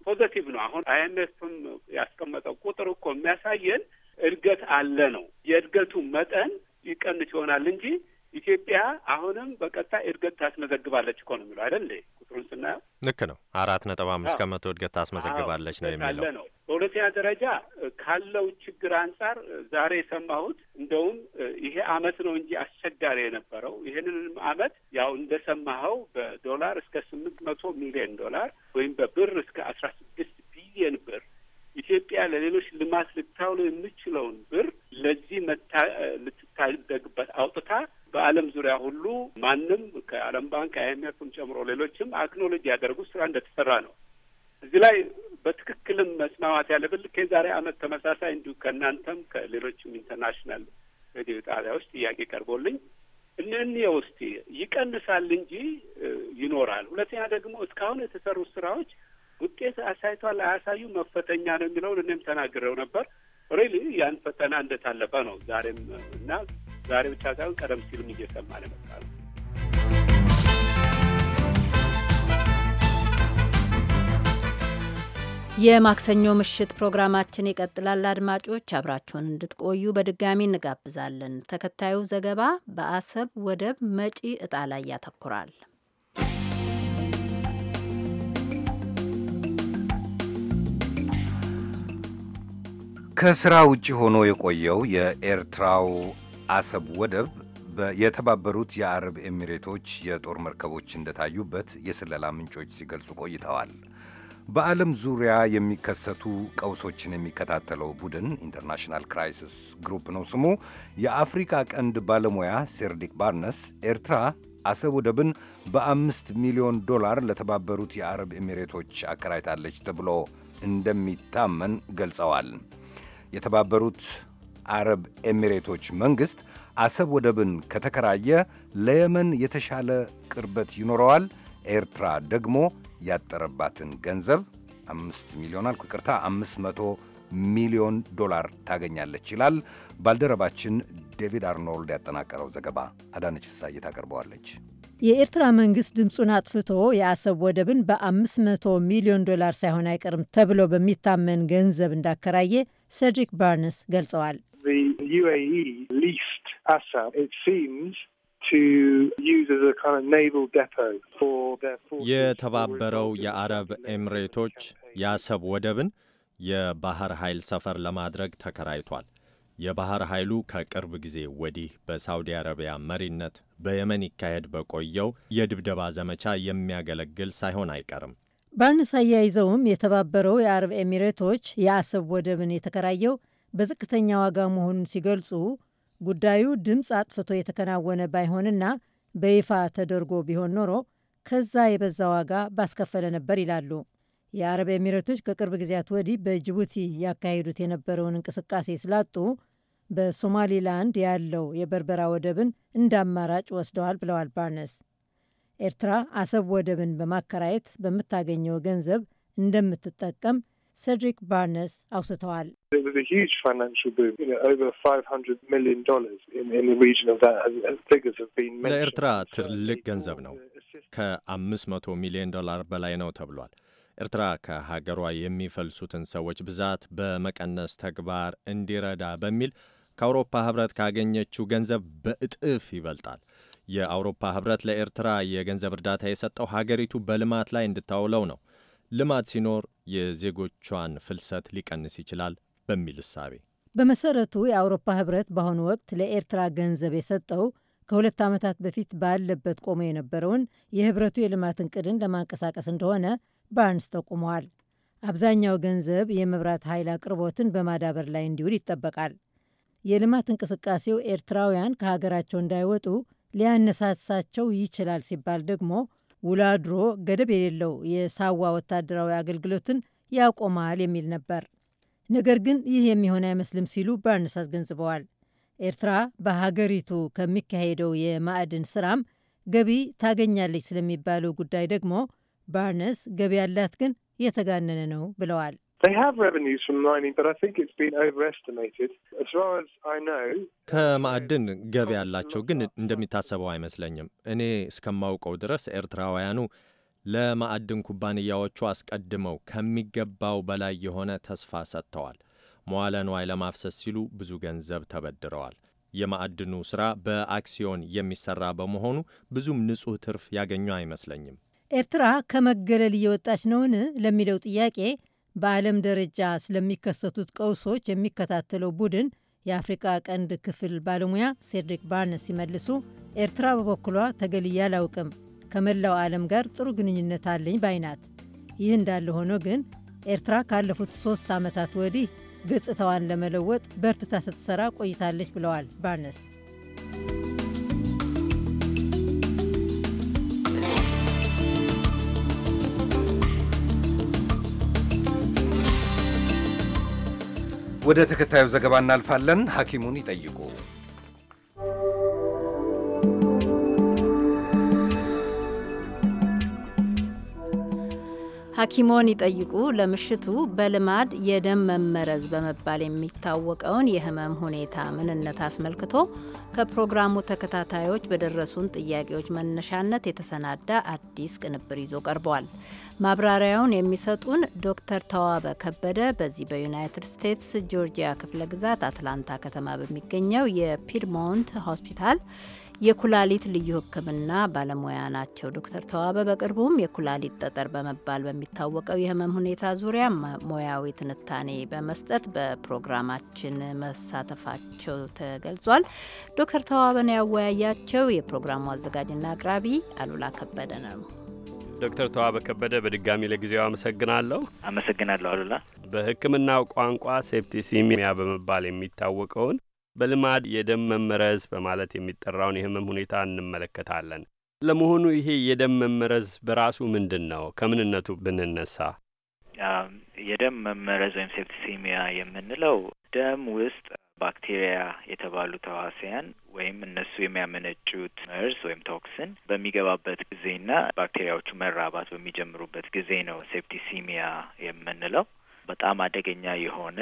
ፖዘቲቭ ነው። አሁን አይኤምኤፍም ያስቀመጠው ቁጥር እኮ የሚያሳየን እድገት አለ ነው። የእድገቱ መጠን ይቀንስ ይሆናል እንጂ ኢትዮጵያ አሁንም በቀጣይ እድገት ታስመዘግባለች እኮ ነው የሚለው አይደል? ቁጥሩን ስናየው ልክ ነው። አራት ነጥብ አምስት ከመቶ እድገት ታስመዘግባለች ነው የሚለው ነው። በሁለተኛ ደረጃ ካለው ችግር አንጻር ዛሬ የሰማሁት እንደውም ይሄ አመት ነው እንጂ አስቸጋሪ የነበረው ይህንንም አመት ያው እንደሰማኸው በዶላር እስከ ስምንት መቶ ሚሊዮን ዶላር ወይም በብር እስከ አስራ ስድስት ቢሊየን ብር ኢትዮጵያ ለሌሎች ልማት ልታውለው የምችለውን ብር ለዚህ ልትታደግበት አውጥታ በዓለም ዙሪያ ሁሉ ማንም ከዓለም ባንክ አይኤምኤፍም ጨምሮ ሌሎችም አክኖሎጂ ያደረጉት ስራ እንደተሰራ ነው። እዚህ ላይ በትክክልም መስማማት ያለብን ልክ የዛሬ ዓመት ተመሳሳይ እንዲሁ ከእናንተም ከሌሎችም ኢንተርናሽናል ሬዲዮ ጣቢያዎች ጥያቄ ቀርቦልኝ እንእንየ ውስጥ ይቀንሳል እንጂ ይኖራል። ሁለተኛ ደግሞ እስካሁን የተሰሩ ስራዎች ውጤት አሳይቷል አያሳዩ መፈተኛ ነው የሚለውን እኔም ተናግረው ነበር። ሪሊ ያን ፈተና እንደታለፈ ነው ዛሬም እና ዛሬ ብቻ ሳይሆን ቀደም ሲልም እየሰማን የመጣ ነው። የማክሰኞ ምሽት ፕሮግራማችን ይቀጥላል። አድማጮች አብራችሁን እንድትቆዩ በድጋሚ እንጋብዛለን። ተከታዩ ዘገባ በአሰብ ወደብ መጪ እጣ ላይ ያተኩራል። ከስራ ውጭ ሆኖ የቆየው የኤርትራው አሰብ ወደብ የተባበሩት የአረብ ኤሚሬቶች የጦር መርከቦች እንደታዩበት የስለላ ምንጮች ሲገልጹ ቆይተዋል። በዓለም ዙሪያ የሚከሰቱ ቀውሶችን የሚከታተለው ቡድን ኢንተርናሽናል ክራይሲስ ግሩፕ ነው ስሙ። የአፍሪካ ቀንድ ባለሙያ ሴርዲክ ባርነስ ኤርትራ አሰብ ወደብን በአምስት ሚሊዮን ዶላር ለተባበሩት የአረብ ኤሚሬቶች አከራይታለች ተብሎ እንደሚታመን ገልጸዋል። የተባበሩት አረብ ኤሚሬቶች መንግሥት አሰብ ወደብን ከተከራየ ለየመን የተሻለ ቅርበት ይኖረዋል፣ ኤርትራ ደግሞ ያጠረባትን ገንዘብ አምስት ሚሊዮን አልኩ ይቅርታ፣ አምስት መቶ ሚሊዮን ዶላር ታገኛለች ይላል ባልደረባችን ዴቪድ አርኖልድ ያጠናቀረው ዘገባ። አዳነች ፍሳዬ ታቀርበዋለች። የኤርትራ መንግስት ድምፁን አጥፍቶ የአሰብ ወደብን በ500 ሚሊዮን ዶላር ሳይሆን አይቀርም ተብሎ በሚታመን ገንዘብ እንዳከራየ ሴድሪክ ባርነስ ገልጸዋል። the UAE leased Assab, it seems, to use as a kind of naval depot for their forces. የተባበረው የአረብ ኤምሬቶች የአሰብ ወደብን የባህር ኃይል ሰፈር ለማድረግ ተከራይቷል። የባህር ኃይሉ ከቅርብ ጊዜ ወዲህ በሳውዲ አረቢያ መሪነት በየመን ይካሄድ በቆየው የድብደባ ዘመቻ የሚያገለግል ሳይሆን አይቀርም። ባርንስ አያይዘውም የተባበረው የአረብ ኤሚሬቶች የአሰብ ወደብን የተከራየው በዝቅተኛ ዋጋ መሆኑን ሲገልጹ ጉዳዩ ድምፅ አጥፍቶ የተከናወነ ባይሆንና በይፋ ተደርጎ ቢሆን ኖሮ ከዛ የበዛ ዋጋ ባስከፈለ ነበር ይላሉ። የአረብ ኤሚሬቶች ከቅርብ ጊዜያት ወዲህ በጅቡቲ ያካሄዱት የነበረውን እንቅስቃሴ ስላጡ በሶማሊላንድ ያለው የበርበራ ወደብን እንደ አማራጭ ወስደዋል ብለዋል ባርነስ። ኤርትራ አሰብ ወደብን በማከራየት በምታገኘው ገንዘብ እንደምትጠቀም ሰድሪክ ባርነስ አውስተዋል። ለኤርትራ ትልቅ ገንዘብ ነው። ከ500 ሚሊዮን ዶላር በላይ ነው ተብሏል። ኤርትራ ከሀገሯ የሚፈልሱትን ሰዎች ብዛት በመቀነስ ተግባር እንዲረዳ በሚል ከአውሮፓ ህብረት ካገኘችው ገንዘብ በእጥፍ ይበልጣል። የአውሮፓ ህብረት ለኤርትራ የገንዘብ እርዳታ የሰጠው ሀገሪቱ በልማት ላይ እንድታውለው ነው። ልማት ሲኖር የዜጎቿን ፍልሰት ሊቀንስ ይችላል በሚል እሳቤ በመሰረቱ የአውሮፓ ህብረት በአሁኑ ወቅት ለኤርትራ ገንዘብ የሰጠው ከሁለት ዓመታት በፊት ባለበት ቆሞ የነበረውን የህብረቱ የልማት ቅድን ለማንቀሳቀስ እንደሆነ ባርንስ ጠቁመዋል። አብዛኛው ገንዘብ የመብራት ኃይል አቅርቦትን በማዳበር ላይ እንዲውል ይጠበቃል። የልማት እንቅስቃሴው ኤርትራውያን ከሀገራቸው እንዳይወጡ ሊያነሳሳቸው ይችላል ሲባል ደግሞ ውሎ አድሮ ገደብ የሌለው የሳዋ ወታደራዊ አገልግሎትን ያቆማል የሚል ነበር። ነገር ግን ይህ የሚሆን አይመስልም ሲሉ በርንስ አስገንዝበዋል። ኤርትራ በሀገሪቱ ከሚካሄደው የማዕድን ስራም ገቢ ታገኛለች ስለሚባለው ጉዳይ ደግሞ ባርነስ ገቢ ያላት ግን የተጋነነ ነው ብለዋል። ከማዕድን ገቢ ያላቸው ግን እንደሚታሰበው አይመስለኝም። እኔ እስከማውቀው ድረስ ኤርትራውያኑ ለማዕድን ኩባንያዎቹ አስቀድመው ከሚገባው በላይ የሆነ ተስፋ ሰጥተዋል። መዋለ ንዋይ ለማፍሰስ ሲሉ ብዙ ገንዘብ ተበድረዋል። የማዕድኑ ሥራ በአክሲዮን የሚሠራ በመሆኑ ብዙም ንጹሕ ትርፍ ያገኙ አይመስለኝም። ኤርትራ ከመገለል እየወጣች ነውን ለሚለው ጥያቄ በዓለም ደረጃ ስለሚከሰቱት ቀውሶች የሚከታተለው ቡድን የአፍሪቃ ቀንድ ክፍል ባለሙያ ሴድሪክ ባርነስ ሲመልሱ ኤርትራ በበኩሏ ተገልዬ አላውቅም፣ ከመላው ዓለም ጋር ጥሩ ግንኙነት አለኝ ባይናት። ይህ እንዳለ ሆኖ ግን ኤርትራ ካለፉት ሶስት ዓመታት ወዲህ ገጽታዋን ለመለወጥ በርትታ ስትሰራ ቆይታለች ብለዋል ባርነስ። ወደ ተከታዩ ዘገባ እናልፋለን። ሐኪሙን ይጠይቁ ሐኪሞን ይጠይቁ ለምሽቱ በልማድ የደም መመረዝ በመባል የሚታወቀውን የህመም ሁኔታ ምንነት አስመልክቶ ከፕሮግራሙ ተከታታዮች በደረሱን ጥያቄዎች መነሻነት የተሰናዳ አዲስ ቅንብር ይዞ ቀርቧል። ማብራሪያውን የሚሰጡን ዶክተር ተዋበ ከበደ በዚህ በዩናይትድ ስቴትስ ጆርጂያ ክፍለ ግዛት አትላንታ ከተማ በሚገኘው የፒድሞንት ሆስፒታል የኩላሊት ልዩ ሕክምና ባለሙያ ናቸው። ዶክተር ተዋበ በቅርቡም የኩላሊት ጠጠር በመባል በሚታወቀው የህመም ሁኔታ ዙሪያ ሙያዊ ትንታኔ በመስጠት በፕሮግራማችን መሳተፋቸው ተገልጿል። ዶክተር ተዋበን ያወያያቸው የፕሮግራሙ አዘጋጅና አቅራቢ አሉላ ከበደ ነው። ዶክተር ተዋበ ከበደ በድጋሚ ለጊዜው አመሰግናለሁ። አመሰግናለሁ አሉላ። በህክምናው ቋንቋ ሴፕቲሲሚያ በመባል የሚታወቀውን በልማድ የደም መመረዝ በማለት የሚጠራውን የህመም ሁኔታ እንመለከታለን። ለመሆኑ ይሄ የደም መመረዝ በራሱ ምንድን ነው? ከምንነቱ ብንነሳ የደም መመረዝ ወይም ሴፕቲሲሚያ የምንለው ደም ውስጥ ባክቴሪያ የተባሉ ተዋሲያን ወይም እነሱ የሚያመነጩት መርዝ ወይም ቶክስን በሚገባበት ጊዜና ባክቴሪያዎቹ መራባት በሚጀምሩበት ጊዜ ነው ሴፕቲሲሚያ የምንለው። በጣም አደገኛ የሆነ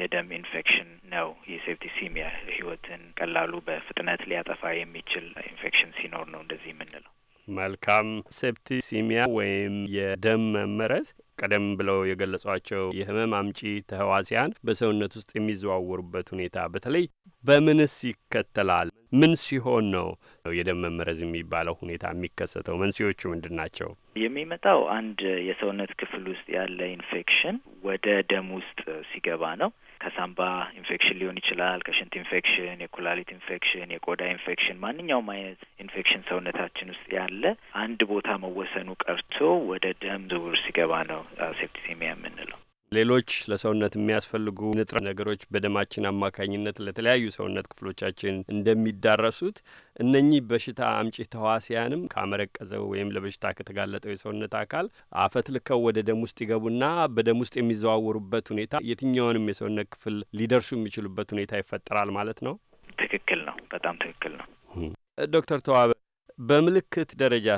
የደም ኢንፌክሽን ነው። የሴፕቲሲሚያ ህይወትን ቀላሉ በፍጥነት ሊያጠፋ የሚችል ኢንፌክሽን ሲኖር ነው እንደዚህ የምንለው። መልካም ሴፕቲሲሚያ ወይም የደም መመረዝ ቀደም ብለው የገለጿቸው የህመም አምጪ ተህዋሲያን በሰውነት ውስጥ የሚዘዋወሩበት ሁኔታ በተለይ በምንስ ይከተላል? ምን ሲሆን ነው የደም መመረዝ የሚባለው ሁኔታ የሚከሰተው? መንስኤዎቹ ምንድን ናቸው? የሚመጣው አንድ የሰውነት ክፍል ውስጥ ያለ ኢንፌክሽን ወደ ደም ውስጥ ሲገባ ነው። ከሳምባ ኢንፌክሽን ሊሆን ይችላል፣ ከሽንት ኢንፌክሽን፣ የኩላሊት ኢንፌክሽን፣ የቆዳ ኢንፌክሽን፣ ማንኛውም አይነት ኢንፌክሽን ሰውነታችን ውስጥ ያለ አንድ ቦታ መወሰኑ ቀርቶ ወደ ደም ዝውውር ሲገባ ነው ሴፕቲሴሚያ የምንለው። ሌሎች ለሰውነት የሚያስፈልጉ ንጥረ ነገሮች በደማችን አማካኝነት ለተለያዩ ሰውነት ክፍሎቻችን እንደሚዳረሱት እነኚህ በሽታ አምጪ ተዋሲያንም ካመረቀዘው ወይም ለበሽታ ከተጋለጠው የሰውነት አካል አፈት ልከው ወደ ደም ውስጥ ይገቡና በደም ውስጥ የሚዘዋወሩበት ሁኔታ የትኛውንም የሰውነት ክፍል ሊደርሱ የሚችሉበት ሁኔታ ይፈጠራል ማለት ነው። ትክክል ነው። በጣም ትክክል ነው ዶክተር ተዋበ በምልክት ደረጃ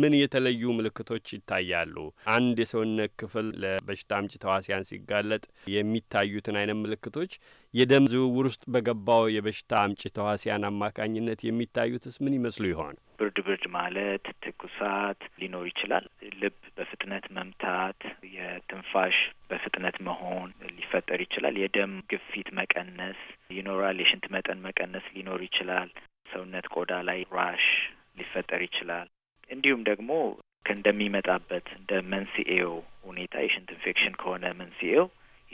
ምን የተለዩ ምልክቶች ይታያሉ? አንድ የሰውነት ክፍል ለበሽታ አምጪ ተዋሲያን ሲጋለጥ የሚታዩትን አይነት ምልክቶች የደም ዝውውር ውስጥ በገባው የበሽታ አምጪ ተዋሲያን አማካኝነት የሚታዩትስ ምን ይመስሉ ይሆን? ብርድ ብርድ ማለት፣ ትኩሳት ሊኖር ይችላል። ልብ በፍጥነት መምታት፣ የትንፋሽ በፍጥነት መሆን ሊፈጠር ይችላል። የደም ግፊት መቀነስ ይኖራል። የሽንት መጠን መቀነስ ሊኖር ይችላል። ሰውነት ቆዳ ላይ ራሽ ሊፈጠር ይችላል። እንዲሁም ደግሞ እንደሚመጣበት እንደ መንስኤው ሁኔታ የሽንት ኢንፌክሽን ከሆነ መንስኤው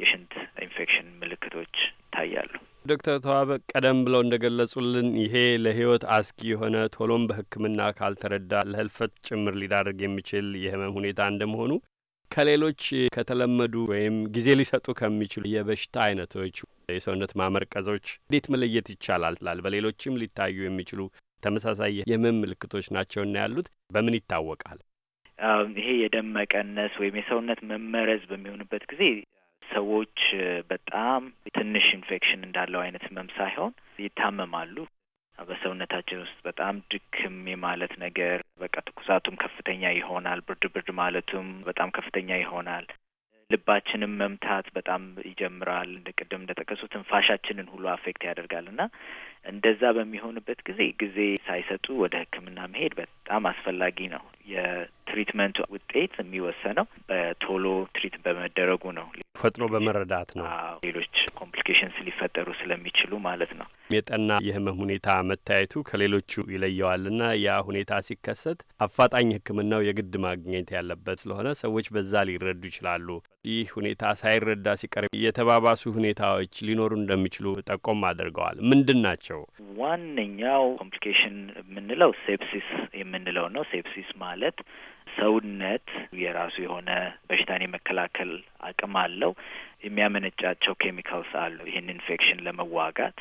የሽንት ኢንፌክሽን ምልክቶች ይታያሉ። ዶክተር ተዋበ ቀደም ብለው እንደ ገለጹልን ይሄ ለህይወት አስጊ የሆነ ቶሎም በሕክምና ካልተረዳ ለህልፈት ጭምር ሊዳርግ የሚችል የህመም ሁኔታ እንደመሆኑ ከሌሎች ከተለመዱ ወይም ጊዜ ሊሰጡ ከሚችሉ የበሽታ አይነቶች የሰውነት ማመርቀዞች እንዴት መለየት ይቻላል? ላል በሌሎችም ሊታዩ የሚችሉ ተመሳሳይ የምን ምልክቶች ናቸውና ያሉት በምን ይታወቃል? ይሄ የደም መቀነስ ወይም የሰውነት መመረዝ በሚሆንበት ጊዜ ሰዎች በጣም ትንሽ ኢንፌክሽን እንዳለው አይነት ህመም ሳይሆን ይታመማሉ። በሰውነታችን ውስጥ በጣም ድክም የማለት ነገር በቃ ትኩሳቱም ከፍተኛ ይሆናል። ብርድ ብርድ ማለቱም በጣም ከፍተኛ ይሆናል። ልባችንም መምታት በጣም ይጀምራል። እንደ ቅድም እንደ ጠቀሱ ትንፋሻችንን ሁሉ አፌክት ያደርጋል እና እንደዛ በሚሆንበት ጊዜ ጊዜ ሳይሰጡ ወደ ሕክምና መሄድ በጣም አስፈላጊ ነው። የትሪትመንቱ ውጤት የሚወሰነው በቶሎ ትሪት በመደረጉ ነው። ፈጥኖ በመረዳት ነው። ሌሎች ኮምፕሊኬሽንስ ሊፈጠሩ ስለሚችሉ ማለት ነው። የጠና የህመም ሁኔታ መታየቱ ከሌሎቹ ይለየዋልና ያ ሁኔታ ሲከሰት አፋጣኝ ሕክምናው የግድ ማግኘት ያለበት ስለሆነ ሰዎች በዛ ሊረዱ ይችላሉ። ይህ ሁኔታ ሳይረዳ ሲቀር የተባባሱ ሁኔታዎች ሊኖሩ እንደሚችሉ ጠቆም አድርገዋል። ምንድን ናቸው? ዋነኛው ኮምፕሊኬሽን የምንለው ሴፕሲስ የምንለው ነው። ሴፕሲስ ማ ማለት ሰውነት የራሱ የሆነ በሽታን የመከላከል አቅም አለው። የሚያመነጫቸው ኬሚካልስ አሉ። ይህን ኢንፌክሽን ለመዋጋት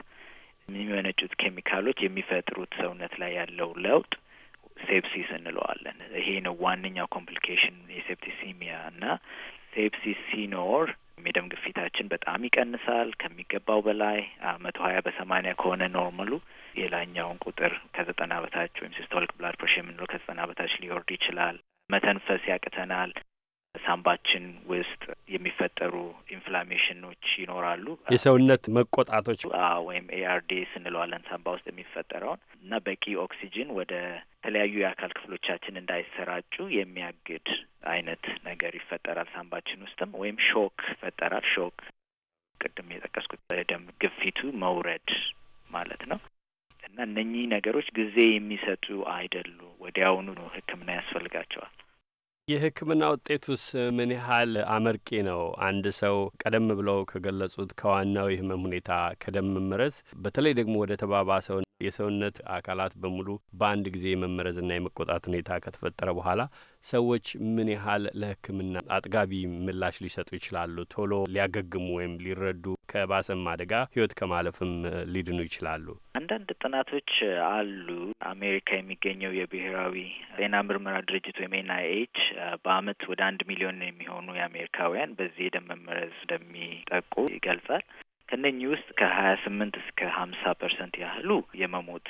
የሚመነጩት ኬሚካሎች የሚፈጥሩት ሰውነት ላይ ያለው ለውጥ ሴፕሲስ እንለዋለን። ይሄ ነው ዋነኛው ኮምፕሊኬሽን የሴፕቲሲሚያ እና ሴፕሲስ ሲኖር የደም ግፊታችን በጣም ይቀንሳል ከሚገባው በላይ መቶ ሀያ በሰማኒያ ከሆነ ኖርማሉ የላይኛውን ቁጥር ከዘጠና በታች ወይም ሲስቶሊክ ብላድ ፕሬሽር የምንለው ከዘጠና በታች ሊወርድ ይችላል። መተንፈስ ያቅተናል። ሳምባችን ውስጥ የሚፈጠሩ ኢንፍላሜሽኖች ይኖራሉ። የሰውነት መቆጣቶች ወይም ኤአርዲ ስንለዋለን ሳምባ ውስጥ የሚፈጠረውን እና በቂ ኦክሲጅን ወደ ተለያዩ የአካል ክፍሎቻችን እንዳይሰራጩ የሚያግድ አይነት ነገር ይፈጠራል። ሳምባችን ውስጥም ወይም ሾክ ይፈጠራል። ሾክ ቅድም የጠቀስኩት ደም ግፊቱ መውረድ ማለት ነው። እና እነኚህ ነገሮች ጊዜ የሚሰጡ አይደሉ፣ ወዲያውኑ ሕክምና ያስፈልጋቸዋል። የሕክምና ውጤቱስ ምን ያህል አመርቂ ነው? አንድ ሰው ቀደም ብለው ከገለጹት ከዋናው የህመም ሁኔታ ከደም መመረዝ በተለይ ደግሞ ወደ ተባባሰው የሰውነት አካላት በሙሉ በአንድ ጊዜ የመመረዝና የመቆጣት ሁኔታ ከተፈጠረ በኋላ ሰዎች ምን ያህል ለሕክምና አጥጋቢ ምላሽ ሊሰጡ ይችላሉ? ቶሎ ሊያገግሙ ወይም ሊረዱ ከባሰም አደጋ ህይወት ከማለፍም ሊድኑ ይችላሉ። አንዳንድ ጥናቶች አሉ። አሜሪካ የሚገኘው የብሔራዊ ጤና ምርመራ ድርጅት ወይም ኤንይኤች በአመት ወደ አንድ ሚሊዮን የሚሆኑ የአሜሪካውያን በዚህ የደም መመረዝ እንደሚጠቁ ይገልጻል። ከነኚህ ውስጥ ከሀያ ስምንት እስከ ሀምሳ ፐርሰንት ያህሉ የመሞት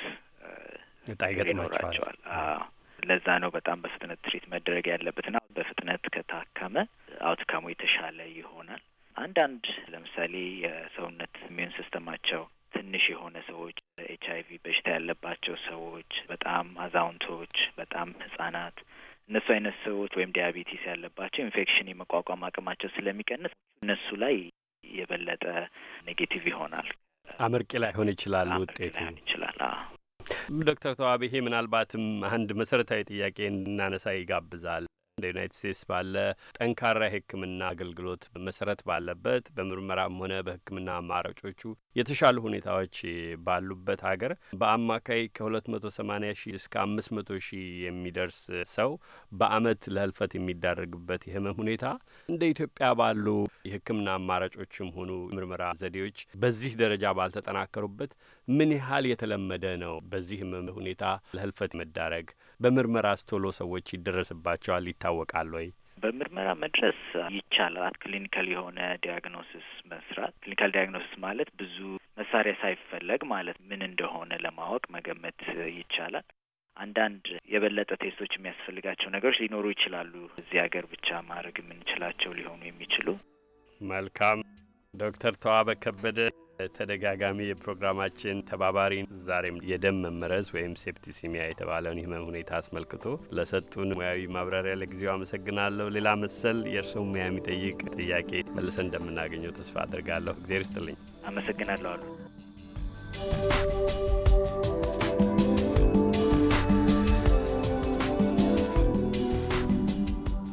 እጣ ይኖራቸዋል። ለዛ ነው በጣም በፍጥነት ትሪት መደረግ ያለበትና በፍጥነት ከታከመ አውትካሙ የተሻለ ይሆናል። አንዳንድ ለምሳሌ የሰውነት ኢሚዩን ሲስተማቸው ትንሽ የሆነ ሰዎች፣ ኤች አይቪ በሽታ ያለባቸው ሰዎች፣ በጣም አዛውንቶች፣ በጣም ህጻናት እነሱ አይነት ሰዎች ወይም ዲያቤቲስ ያለባቸው ኢንፌክሽን የመቋቋም አቅማቸው ስለሚቀንስ እነሱ ላይ የበለጠ ኔጌቲቭ ይሆናል። አመርቂ ሆን ይችላል ውጤቱ ይችላል። ዶክተር ተዋብሄ ምናልባትም አንድ መሰረታዊ ጥያቄ እናነሳ ይጋብዛል። እንደ ዩናይት ስቴትስ ባለ ጠንካራ የሕክምና አገልግሎት መሰረት ባለበት በምርመራም ሆነ በሕክምና አማራጮቹ የተሻሉ ሁኔታዎች ባሉበት ሀገር በአማካይ ከ280 ሺህ እስከ 500 ሺህ የሚደርስ ሰው በአመት ለህልፈት የሚዳረግበት የህመም ሁኔታ እንደ ኢትዮጵያ ባሉ የሕክምና አማራጮችም ሆኑ ምርመራ ዘዴዎች በዚህ ደረጃ ባልተጠናከሩበት ምን ያህል የተለመደ ነው? በዚህም ሁኔታ ለህልፈት መዳረግ በምርመራ ስቶሎ ሰዎች ይደረስባቸዋል ይታወቃል ወይ? በምርመራ መድረስ ይቻላል። ክሊኒካል የሆነ ዲያግኖሲስ መስራት። ክሊኒካል ዲያግኖሲስ ማለት ብዙ መሳሪያ ሳይፈለግ ማለት ምን እንደሆነ ለማወቅ መገመት ይቻላል። አንዳንድ የበለጠ ቴስቶች የሚያስፈልጋቸው ነገሮች ሊኖሩ ይችላሉ። እዚህ ሀገር ብቻ ማድረግ የምንችላቸው ሊሆኑ የሚችሉ መልካም ዶክተር ተዋበ ከበደ ተደጋጋሚ የፕሮግራማችን ተባባሪ ዛሬም የደም መመረዝ ወይም ሴፕቲሲሚያ የተባለውን ህመም ሁኔታ አስመልክቶ ለሰጡን ሙያዊ ማብራሪያ ለጊዜው አመሰግናለሁ። ሌላ መሰል የእርስዎ ሙያ የሚጠይቅ ጥያቄ መልሰን እንደምናገኘው ተስፋ አድርጋለሁ። እግዜር ይስጥልኝ። አመሰግናለሁ አሉ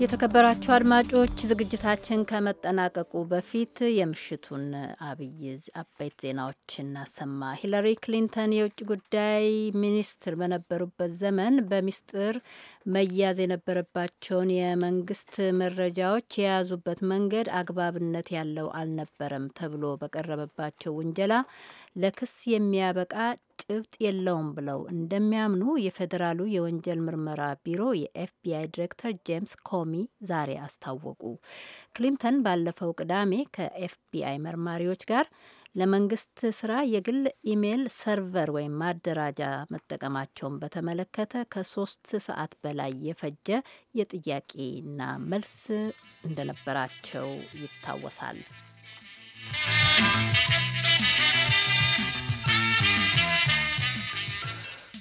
የተከበራችሁ አድማጮች ዝግጅታችን ከመጠናቀቁ በፊት የምሽቱን አብይ አበይት ዜናዎች እናሰማ። ሂለሪ ክሊንተን የውጭ ጉዳይ ሚኒስትር በነበሩበት ዘመን በሚስጥር መያዝ የነበረባቸውን የመንግስት መረጃዎች የያዙበት መንገድ አግባብነት ያለው አልነበረም ተብሎ በቀረበባቸው ውንጀላ ለክስ የሚያበቃ ጭብጥ የለውም ብለው እንደሚያምኑ የፌዴራሉ የወንጀል ምርመራ ቢሮ የኤፍቢአይ ዲሬክተር ጄምስ ኮሚ ዛሬ አስታወቁ። ክሊንተን ባለፈው ቅዳሜ ከኤፍቢአይ መርማሪዎች ጋር ለመንግስት ስራ የግል ኢሜይል ሰርቨር ወይም ማደራጃ መጠቀማቸውን በተመለከተ ከሶስት ሰዓት በላይ የፈጀ የጥያቄና መልስ እንደነበራቸው ይታወሳል።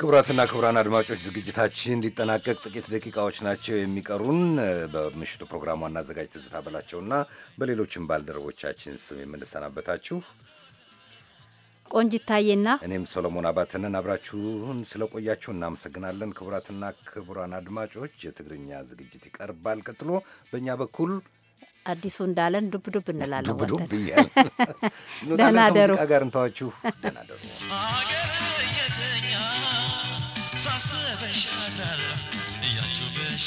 ክቡራትና ክቡራን አድማጮች ዝግጅታችን ሊጠናቀቅ ጥቂት ደቂቃዎች ናቸው የሚቀሩን። በምሽቱ ፕሮግራም ዋና አዘጋጅ ትዝታ በላቸውና በሌሎችም ባልደረቦቻችን ስም የምንሰናበታችሁ ቆንጂት እኔም ሰሎሞን አባተንን አብራችሁን ስለቆያችሁ እናመሰግናለን። ክቡራትና ክቡራን አድማጮች የትግርኛ ዝግጅት ይቀርባል። ቀጥሎ በእኛ በኩል አዲሱ እንዳለን ዱብ ዱብ እንላለን። ዱብ ዱብ እያለ ደህና ደሩ ጋር እንተዋችሁ ደህና ደሩ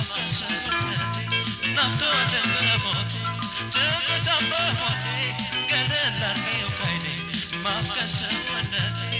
Mafka